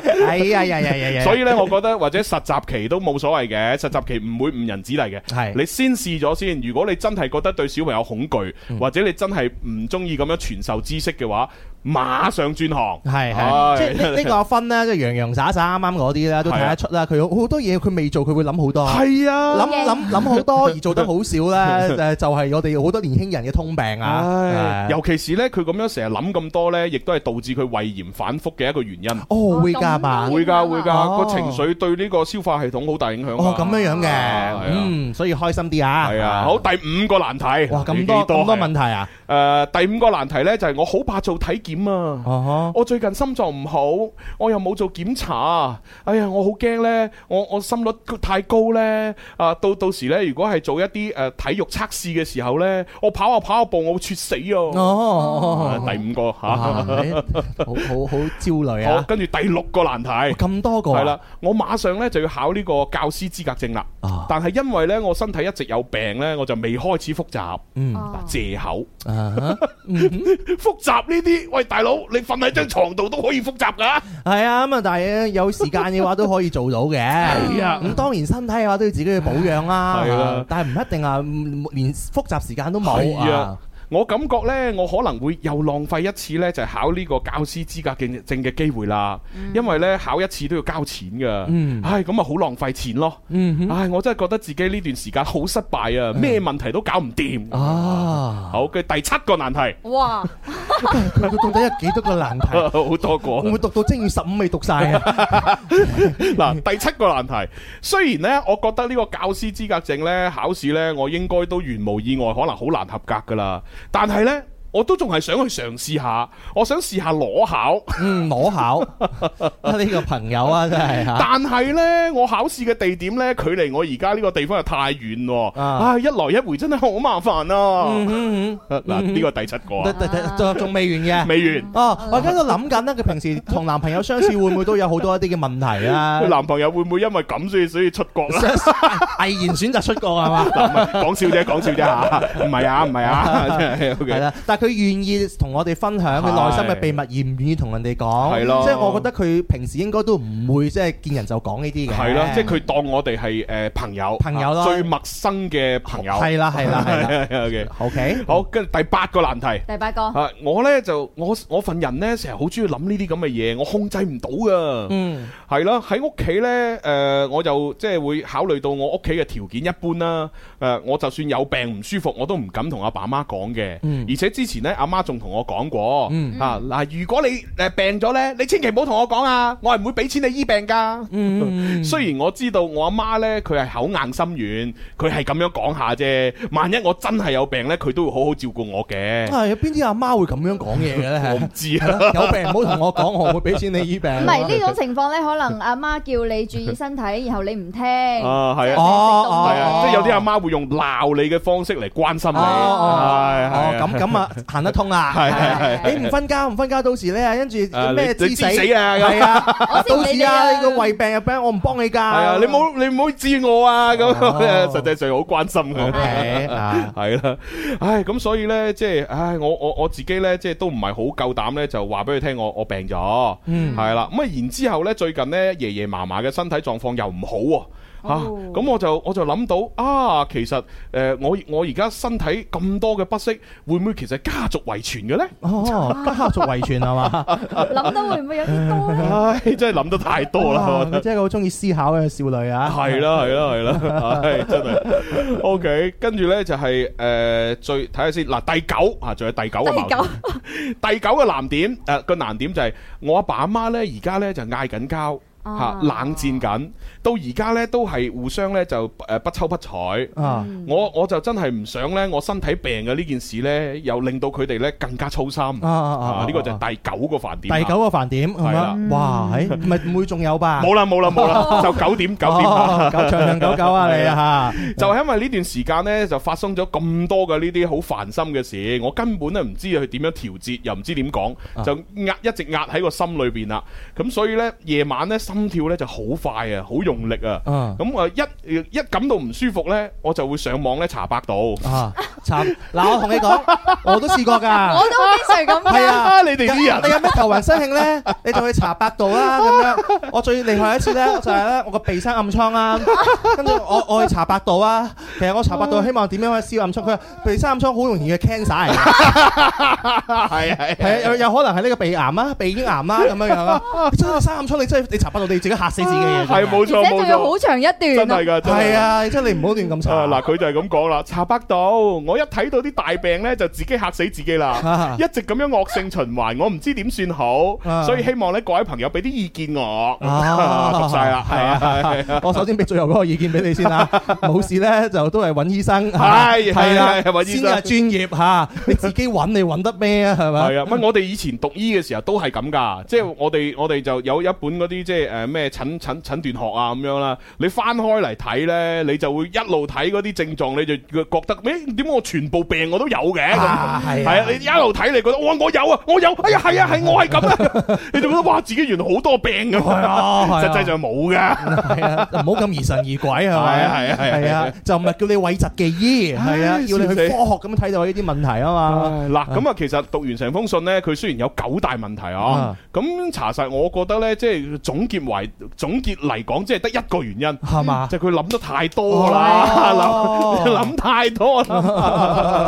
係啊！係啊！所以咧，我覺得或者實習期都冇所謂嘅，實習期唔會誤人子弟嘅。係是你先試咗先，如果你真係覺得對小朋友恐懼，或者你真係唔中意咁樣傳授知識嘅話，馬上轉行，係係，即係呢個阿芬咧，即係洋洋灑灑，啱啱嗰啲咧都睇得出啦。佢有好多嘢，佢未做，佢會諗好多。係啊，諗諗諗好多而做得好少咧，誒，就係我哋好多年輕人嘅通病啊。尤其是咧，佢咁樣成日諗咁多咧，亦都係導致佢胃炎反覆嘅一個原因。哦，會噶吧？會噶會噶個情緒對呢個消化系統好大影響啊。哦，咁樣樣嘅，嗯，所以開心啲啊。係啊，好，第五個難題。哇，咁多咁多問題啊？誒，第五個難題咧就係我好怕做體檢。點啊！Uh huh. 我最近心臟唔好，我又冇做檢查。哎呀，我好驚呢，我我心率太高呢。啊！到到時咧，如果係做一啲誒體育測試嘅時候呢，我跑下跑下步，我會猝死哦、啊！Uh huh. 第五個吓、uh huh. <laughs> 好好好焦慮啊！跟住第六個難題，咁、uh huh. oh, 多個係啦！我馬上呢就要考呢個教師資格證啦，uh huh. 但係因為呢，我身體一直有病呢，我就未開始複習。嗯、uh，借口啊，huh. <laughs> 複習呢啲大佬，你瞓喺張床度都可以復習噶，係啊咁啊，但係有時間嘅話都可以做到嘅。係啊、 <laughs> 嗯，咁當然身體嘅話都要自己去保養啦。係啊，啊嗯、但係唔一定啊，連復習時間都冇啊。我感覺咧，我可能會又浪費一次咧，就係、考呢個教師資格證嘅機會啦。嗯、因為咧考一次都要交錢噶，嗯、唉，咁啊好浪費錢咯。嗯、哼唉，我真係覺得自己呢段時間好失敗啊，咩、嗯、問題都搞唔掂。啊，好嘅第七個難題。哇，佢到底有幾多個難題？好 <laughs> 多個。會唔會讀到正月十五未讀晒啊？嗱， <laughs> <laughs> 第七個難題。雖然咧，我覺得呢個教師資格證咧考試咧，我應該都元無意外，可能好難合格噶啦。但係呢。我都仲係想去嘗試下，我想試下裸考。嗯，裸考，呢個朋友啊，真係。但係呢，我考試嘅地點呢，距離我而家呢個地方又太遠喎。一來一回真係好麻煩啊。嗱，呢個第七個仲未完嘅，未完。哦，我而家度諗緊呢，佢平時同男朋友相處會唔會都有好多一啲嘅問題啊？佢男朋友會唔會因為咁所以所以出國啦？毅然選擇出國係嘛？嗱，講笑啫，講笑啫吓，唔係啊，唔係啊，係啦，佢願意同我哋分享佢內心嘅秘密，而唔願意同人哋講。係咯的，即係我覺得佢平時應該都唔會即係見人就講呢啲嘅。係咯，即係佢當我哋係誒朋友。朋友咯，最陌生嘅朋友。係啦，係啦，係啦。OK，好。跟住第八個難題。第八個。啊，我咧就我我份人咧成日好鍾意諗呢啲咁嘅嘢，我控制唔到㗎。嗯，係咯，喺屋企咧誒，我就即係會考慮到我屋企嘅條件一般啦。誒、呃，我就算有病唔舒服，我都唔敢同阿爸媽講嘅。嗯，而且之前。以前咧，阿媽仲同我講過嚇嗱，如果你誒病咗咧，你千祈唔好同我講啊，我係唔會俾錢你醫病噶。雖然我知道我阿媽咧，佢係口硬心軟，佢係咁樣講下啫。萬一我真係有病咧，佢都會好好照顧我嘅。係有邊啲阿媽會咁樣講嘢嘅咧？我唔知啦。有病唔好同我講，我唔會俾錢你醫病。唔係呢種情況咧，可能阿媽叫你注意身體，然後你唔聽。啊，係啊，哦，係啊，即係有啲阿媽會用鬧你嘅方式嚟關心你。哦，係，哦，咁咁啊。行得通啊！係係係，你唔瞓覺唔瞓覺，到時咧跟住咩致死啊？係啊，到時啊，個胃病又病，我唔幫你噶，你冇你唔好治我啊！咁，實際上好關心我。係啦，唉，咁所以咧，即係唉，我我我自己咧，即係都唔係好夠膽咧，就話俾佢聽我我病咗，嗯，係啦，咁啊，然之後咧，最近咧，爺爺嫲嫲嘅身體狀況又唔好喎。吓咁、啊、我就我就諗到啊，其實誒、呃，我我而家身體咁多嘅不適，會唔會其實家族遺傳嘅咧？哦，家族遺傳係嘛？諗得 <laughs> 會唔會有啲多？唉、哎，真係諗得太多啦！即係好中意思考嘅少女啊！係啦，係啦，係啦，係、 <laughs> 哎、真係。O K，跟住咧就係、是、誒、呃，最睇下先嗱、啊，第九吓，仲、啊、有第九個嘛？第九個難 <laughs> 點誒，個、啊、難點就係我阿爸阿媽咧，而家咧就嗌緊交。吓，冷戰緊，到而家咧都係互相咧就誒不抽不睬。啊！我我就真係唔想咧，我身體病嘅呢件事咧，又令到佢哋咧更加操心。啊呢個就係第九個飯店。第九個飯店係嘛？哇！唔係唔會仲有吧？冇啦冇啦冇啦，就九點九點啦，九長九九啊你啊吓！就係因為呢段時間咧，就發生咗咁多嘅呢啲好煩心嘅事，我根本都唔知佢點樣調節，又唔知點講，就壓一直壓喺個心裏邊啦。咁所以咧夜晚咧。心跳咧就好快啊，好用力啊，咁啊一一感到唔舒服咧，我就會上網咧查百度啊，查嗱，我同你講，我都試過㗎， <laughs> 我都經常咁樣，係啊，你哋啲人，你有咩頭暈身㷫咧，你就去查百度啊。咁樣。我最厲害一次咧，就係咧我個鼻生暗瘡啊。跟住我我去查百度啊。其實我查百度希望點樣可以消暗瘡，佢話鼻生暗瘡好容易係 cancer 嚟㗎，係係係有可能係呢個鼻癌啊，鼻咽癌啊。咁樣樣啊， <laughs> 真係個鼻生暗瘡，你真係你查百。我哋自己嚇死自己嘅嘢，係冇錯冇錯，而且仲要好長一段真係噶，係啊，真係你唔好亂咁查嗱，佢就係咁講啦，查百度，我一睇到啲大病咧，就自己嚇死自己啦，一直咁樣惡性循環，我唔知點算好，所以希望咧各位朋友俾啲意見我，讀晒啦，係啊，我首先俾最後嗰個意見俾你先啦，冇事咧就都係揾醫生，係係啊，揾醫生先係專業嚇，你自己揾你揾得咩啊？係咪？係啊，乜我哋以前讀醫嘅時候都係咁噶，即係我哋我哋就有一本嗰啲即係。誒，咩診診診斷學啊咁樣啦，你翻開嚟睇咧，你就會一路睇嗰啲症狀，你就覺得咩？點我全部病我都有嘅？係啊，你一路睇，你覺得哇，我有啊，我有，哎呀，係啊，係我係咁啊！你就覺得哇，自己原來好多病嘅，實際上冇嘅。係啊，唔好咁疑神疑鬼係咪啊？係啊，係啊，就唔係叫你諱疾忌醫，係啊，要你科學咁睇到呢啲問題啊嘛。嗱，咁啊，其實讀完成封信咧，佢雖然有九大問題啊，咁查實我覺得咧，即係總結。總結嚟講，即係得一個原因，係嘛嗎、嗯？就佢諗得太多啦，諗太多啦，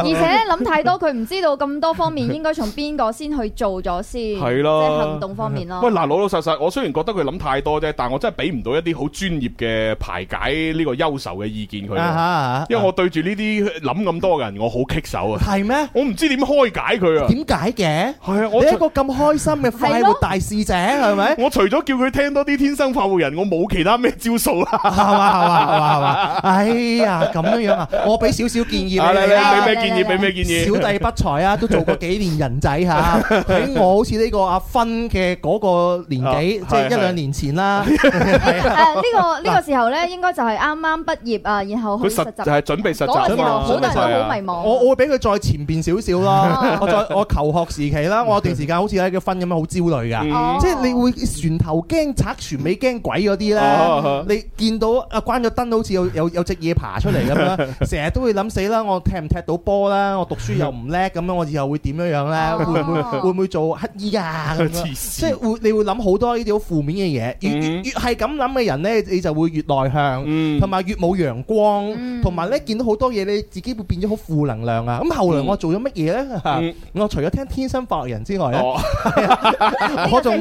而且諗太多，佢唔知道咁多方面應該從邊個先去做咗先，係對啦，即係行動方面咯。喂，嗱，老老實實，我雖然覺得佢諗太多啫，但我真係俾唔到一啲好專業嘅排解呢、這個憂愁嘅意見佢，uh, uh, uh, uh, uh, 因為我對住呢啲諗咁多嘅人，我好棘手啊！係咩啥？我唔知點開解佢啊？點解嘅？係啊，我一個咁開心嘅快活大使者係咪？我除咗叫佢聽到。啲天生炮人，我冇其他咩招數啊！係嘛係嘛係嘛係嘛！哎呀，咁樣樣啊！我俾少少建議你啊！俾咩建議？俾咩建議？小弟不才啊，都做過幾年人仔吓。喺我好似呢個阿芬嘅嗰個年紀，即係一兩年前啦。呢個呢個時候咧，應該就係啱啱畢業啊，然後去實習就係準備實習。好多人都好迷茫。我我會俾佢再前邊少少囉。我我求學時期啦，我有段時間好似喺個芬咁樣好焦慮噶，即係你會船頭驚。全美驚鬼嗰啲啦，你見到啊，關咗燈好似有有有隻嘢爬出嚟咁樣。成日都會諗死啦，我踢唔踢到波啦，我讀書又唔叻咁樣，我以後會點樣樣咧？會唔會會唔會做乞衣啊？即係會你會諗好多呢啲好負面嘅嘢，越越越係咁諗嘅人咧，你就會越內向，同埋越冇陽光，同埋咧見到好多嘢你自己會變咗好負能量啊！咁後來我做咗乜嘢咧？我除咗聽《天生發人》之外咧，我仲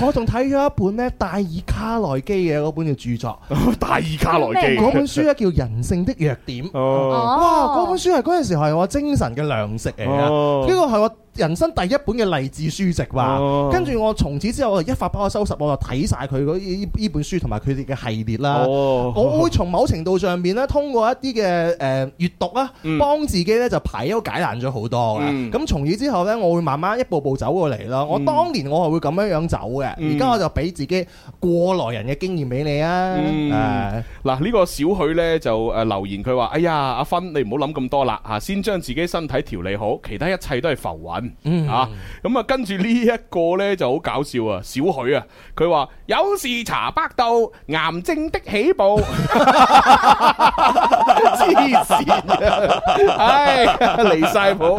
我仲睇咗一本咧戴爾卡耐基嘅嗰本嘅著作，戴爾 <laughs> 卡耐基嗰本書咧叫《人性的弱點》。 <laughs> 哦、哇！嗰本書係嗰陣時係我精神嘅糧食嚟嘅，呢個係我人生第一本嘅勵志書籍話，跟住、哦、我從此之後，我一發不可收拾，我就睇晒佢呢本書同埋佢哋嘅系列啦。哦、我會從某程度上面咧，通過一啲嘅誒閱讀啊，嗯、幫自己呢就排憂解難咗好多嘅。咁、嗯、從此之後呢，我會慢慢一步步走過嚟咯。嗯、我當年我係會咁樣樣走嘅，而家、嗯、我就俾自己過來人嘅經驗俾你、嗯嗯、啊。誒嗱，呢、呢個小許呢，就誒留言佢話：哎呀，阿芬你唔好諗咁多啦嚇，先將自己身體調理好，其他一切都係浮雲。嗯吓咁啊，跟住呢一個咧就好搞笑啊！小許啊，佢話有事查百度，癌症的起步，黐綫 <laughs> <laughs> 啊！唉，離晒譜。誒、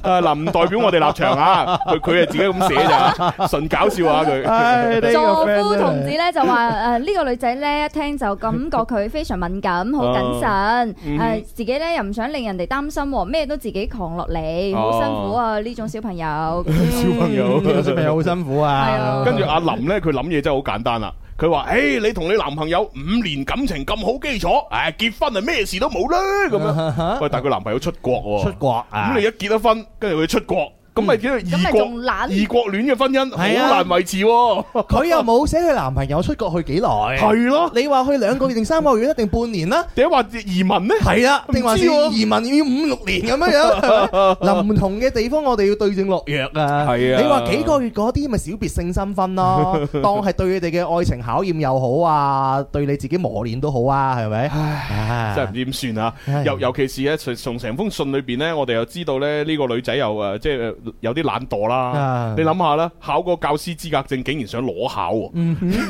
<laughs> 啊，唔、呃、代表我哋立場啊，佢佢係自己咁寫咋，純搞笑啊佢。誒，哎、座夫同志咧就話，誒呢個女仔咧一聽就感覺佢非常敏感，好謹慎，誒、嗯呃、自己咧又唔想令人哋擔心，咩都自己扛落嚟，好辛苦啊！嗯嗯呢種小朋友，嗯、小朋友， <laughs> 小朋友好辛苦啊！跟住 <laughs> <laughs> 阿林呢，佢諗嘢真係好簡單啦、啊。佢話，誒、hey，你同你男朋友五年感情咁好基礎，誒、哎，結婚係咩事都冇啦。咁樣， <laughs> 喂，但係佢男朋友出國喎、啊，出國，咁你一結咗婚，跟住佢出國。咁咪叫異國異國戀嘅婚姻好難維持喎，佢又冇寫佢男朋友出國去幾耐？係咯？你話去兩個月定三個月一定半年啦？定話移民呢？係啊，定話移民要五六年咁樣樣？唔同嘅地方，我哋要對症落藥啊！係啊，你話幾個月嗰啲咪小別勝新婚咯？當係對你哋嘅愛情考驗又好啊，對你自己磨練都好啊，係咪？唉，真係唔知點算啊！尤尤其是咧，從成封信裏邊咧，我哋又知道咧，呢個女仔又啊，即係。有啲懶惰啦，啊、你諗下啦，考個教師資格證竟然想裸考喎，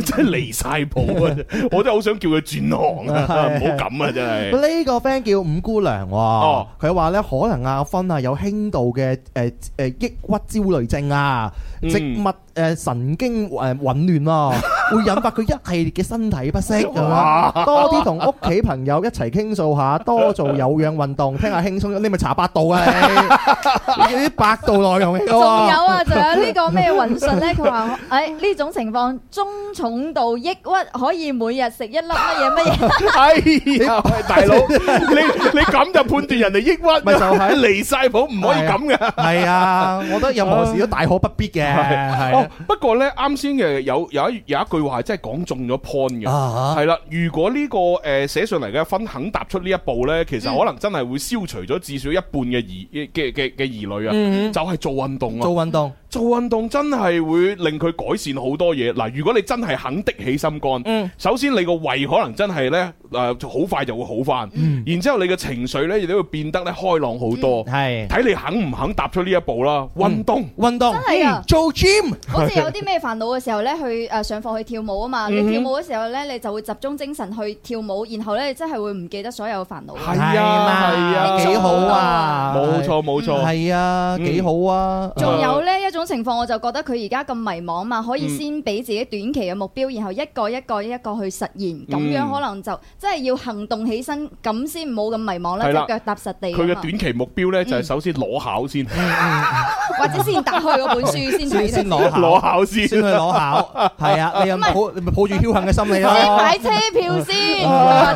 真係離晒譜啊！我都好想叫佢轉行啊，唔好咁啊，真係。呢個 friend 叫五姑娘喎，哦，佢話咧可能阿芬啊有輕度嘅誒誒抑鬱焦慮症啊。植物誒、呃、神經誒紊、呃、亂喎，會引發佢一系列嘅身體不適，係哇多啲同屋企朋友一齊傾訴下，多做有氧運動，聽下輕鬆下。你咪查百度啊？啲 <laughs> 百度內容仲有啊，仲 <laughs> 有個呢個咩雲順咧，佢話誒呢種情況中重度抑鬱可以每日食一粒乜嘢乜嘢？哎呀，大佬， <laughs> 你你咁就判斷人哋抑鬱咪就係、是、離晒譜，唔可以咁嘅。係啊，我覺得任何事都大可不必嘅。係係是、uh, 哦，不過咧，啱先嘅有有一有一句話真係講中咗 point 嘅，係啦、uh huh。如果呢、呢個誒寫、呃、上嚟嘅分肯踏出呢一步咧，其實可能真係會消除咗至少一半嘅疑嘅嘅嘅疑慮啊，uh huh. 就係做運動啊，做運動。做運動真係會令佢改善好多嘢嗱，如果你真係肯的起心肝，首先你個胃可能真係咧誒，就好快就會好返，然之後你嘅情緒咧亦都會變得咧開朗好多，係睇你肯唔肯踏出呢一步啦。運動運動，真係啊，做 gym，好似有啲咩煩惱嘅時候咧，去誒上課去跳舞啊嘛，你跳舞嘅時候咧，你就會集中精神去跳舞，然後咧你真係會唔記得所有煩惱，係啊，係啊，幾好啊，冇錯冇錯，係啊，幾好啊，仲有呢一種。種情況我就覺得佢而家咁迷惘嘛，可以先俾自己短期嘅目標，然後一個一個一個去實現，咁樣可能就即係要行動起身，咁先唔好咁迷惘啦，腳踏實地。佢嘅短期目標咧就係首先攞考先，或者先打開嗰本書先，睇。先攞考先，先去攞考。係啊，你又咪抱住僥倖嘅心理咯。先買車票先，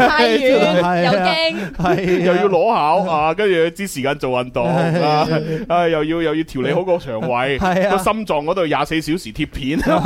太遠又驚，又要攞考啊，跟住知時間做運動又要又要調理好個腸胃。個、啊、心臟嗰度廿四小時貼片，多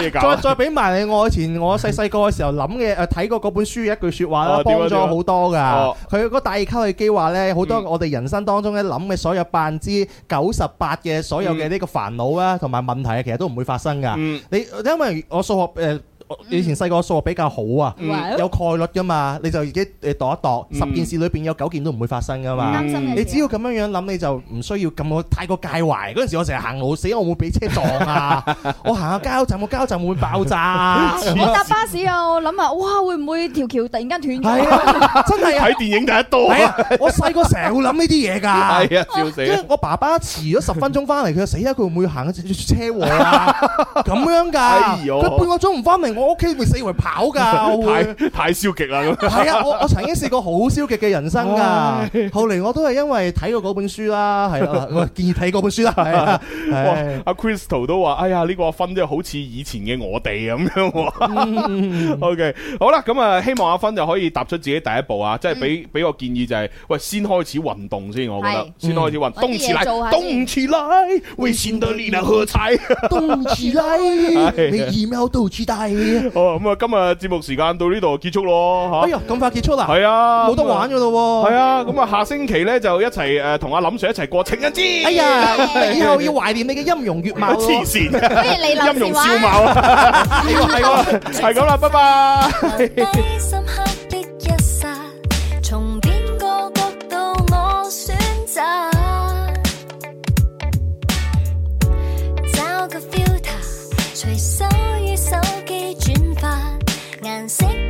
嘢搞。再再俾埋你以前我細細個嘅時候諗嘅誒，睇、嗯、過嗰本書一句說話啦，幫助好、嗯、多噶。佢嗰、嗯嗯、個大而吸氣機話呢，好多我哋人生當中咧諗嘅所有百分之九十八嘅所有嘅呢個煩惱啊，同埋問題啊，其實都唔會發生噶。嗯、你因為我數學誒。呃以前細個數學比較好啊，有概率㗎嘛，你就自己度一度，十件事裏邊有九件都唔會發生㗎嘛。你只要咁樣樣諗，你就唔需要咁過太過介懷。嗰陣時我成日行路，死我會唔會俾車撞啊？我行下交站，個交站會爆炸？我搭巴士我諗啊，哇會唔會條橋突然間斷咗？真係睇電影睇得多，我細個成日會諗呢啲嘢㗎。我爸爸遲咗十分鐘翻嚟，佢就死啊！佢會唔會行車禍啊？咁樣㗎？佢半個鐘唔翻嚟。我屋企會四圍跑噶，太太消極啦。係啊，我我曾經試過好消極嘅人生噶，後嚟，我都係因為睇過嗰本書啦，係啊，我建議睇嗰本書啦。係啊，阿 Crystal 都話，哎呀，呢個阿芬即係好似以前嘅我哋咁樣。O K，好啦，咁啊，希望阿芬就可以踏出自己第一步啊，即係俾俾個建議就係，喂，先開始運動先，我覺得，先開始運動。動起來，動起來，為新的力量喝彩。動起來，每一秒都期待。哦，咁啊，今日節目時間到呢度結束咯，吓！哎呀，咁快結束啊！係啊，冇得玩咗咯，係啊。咁啊，下星期咧就一齊誒同阿林 Sir 一齊過，情人節。哎呀，以後要懷念你嘅音容月貌。黐線，咩你？音容笑貌啊！係喎，係咁啦，拜拜。顏色。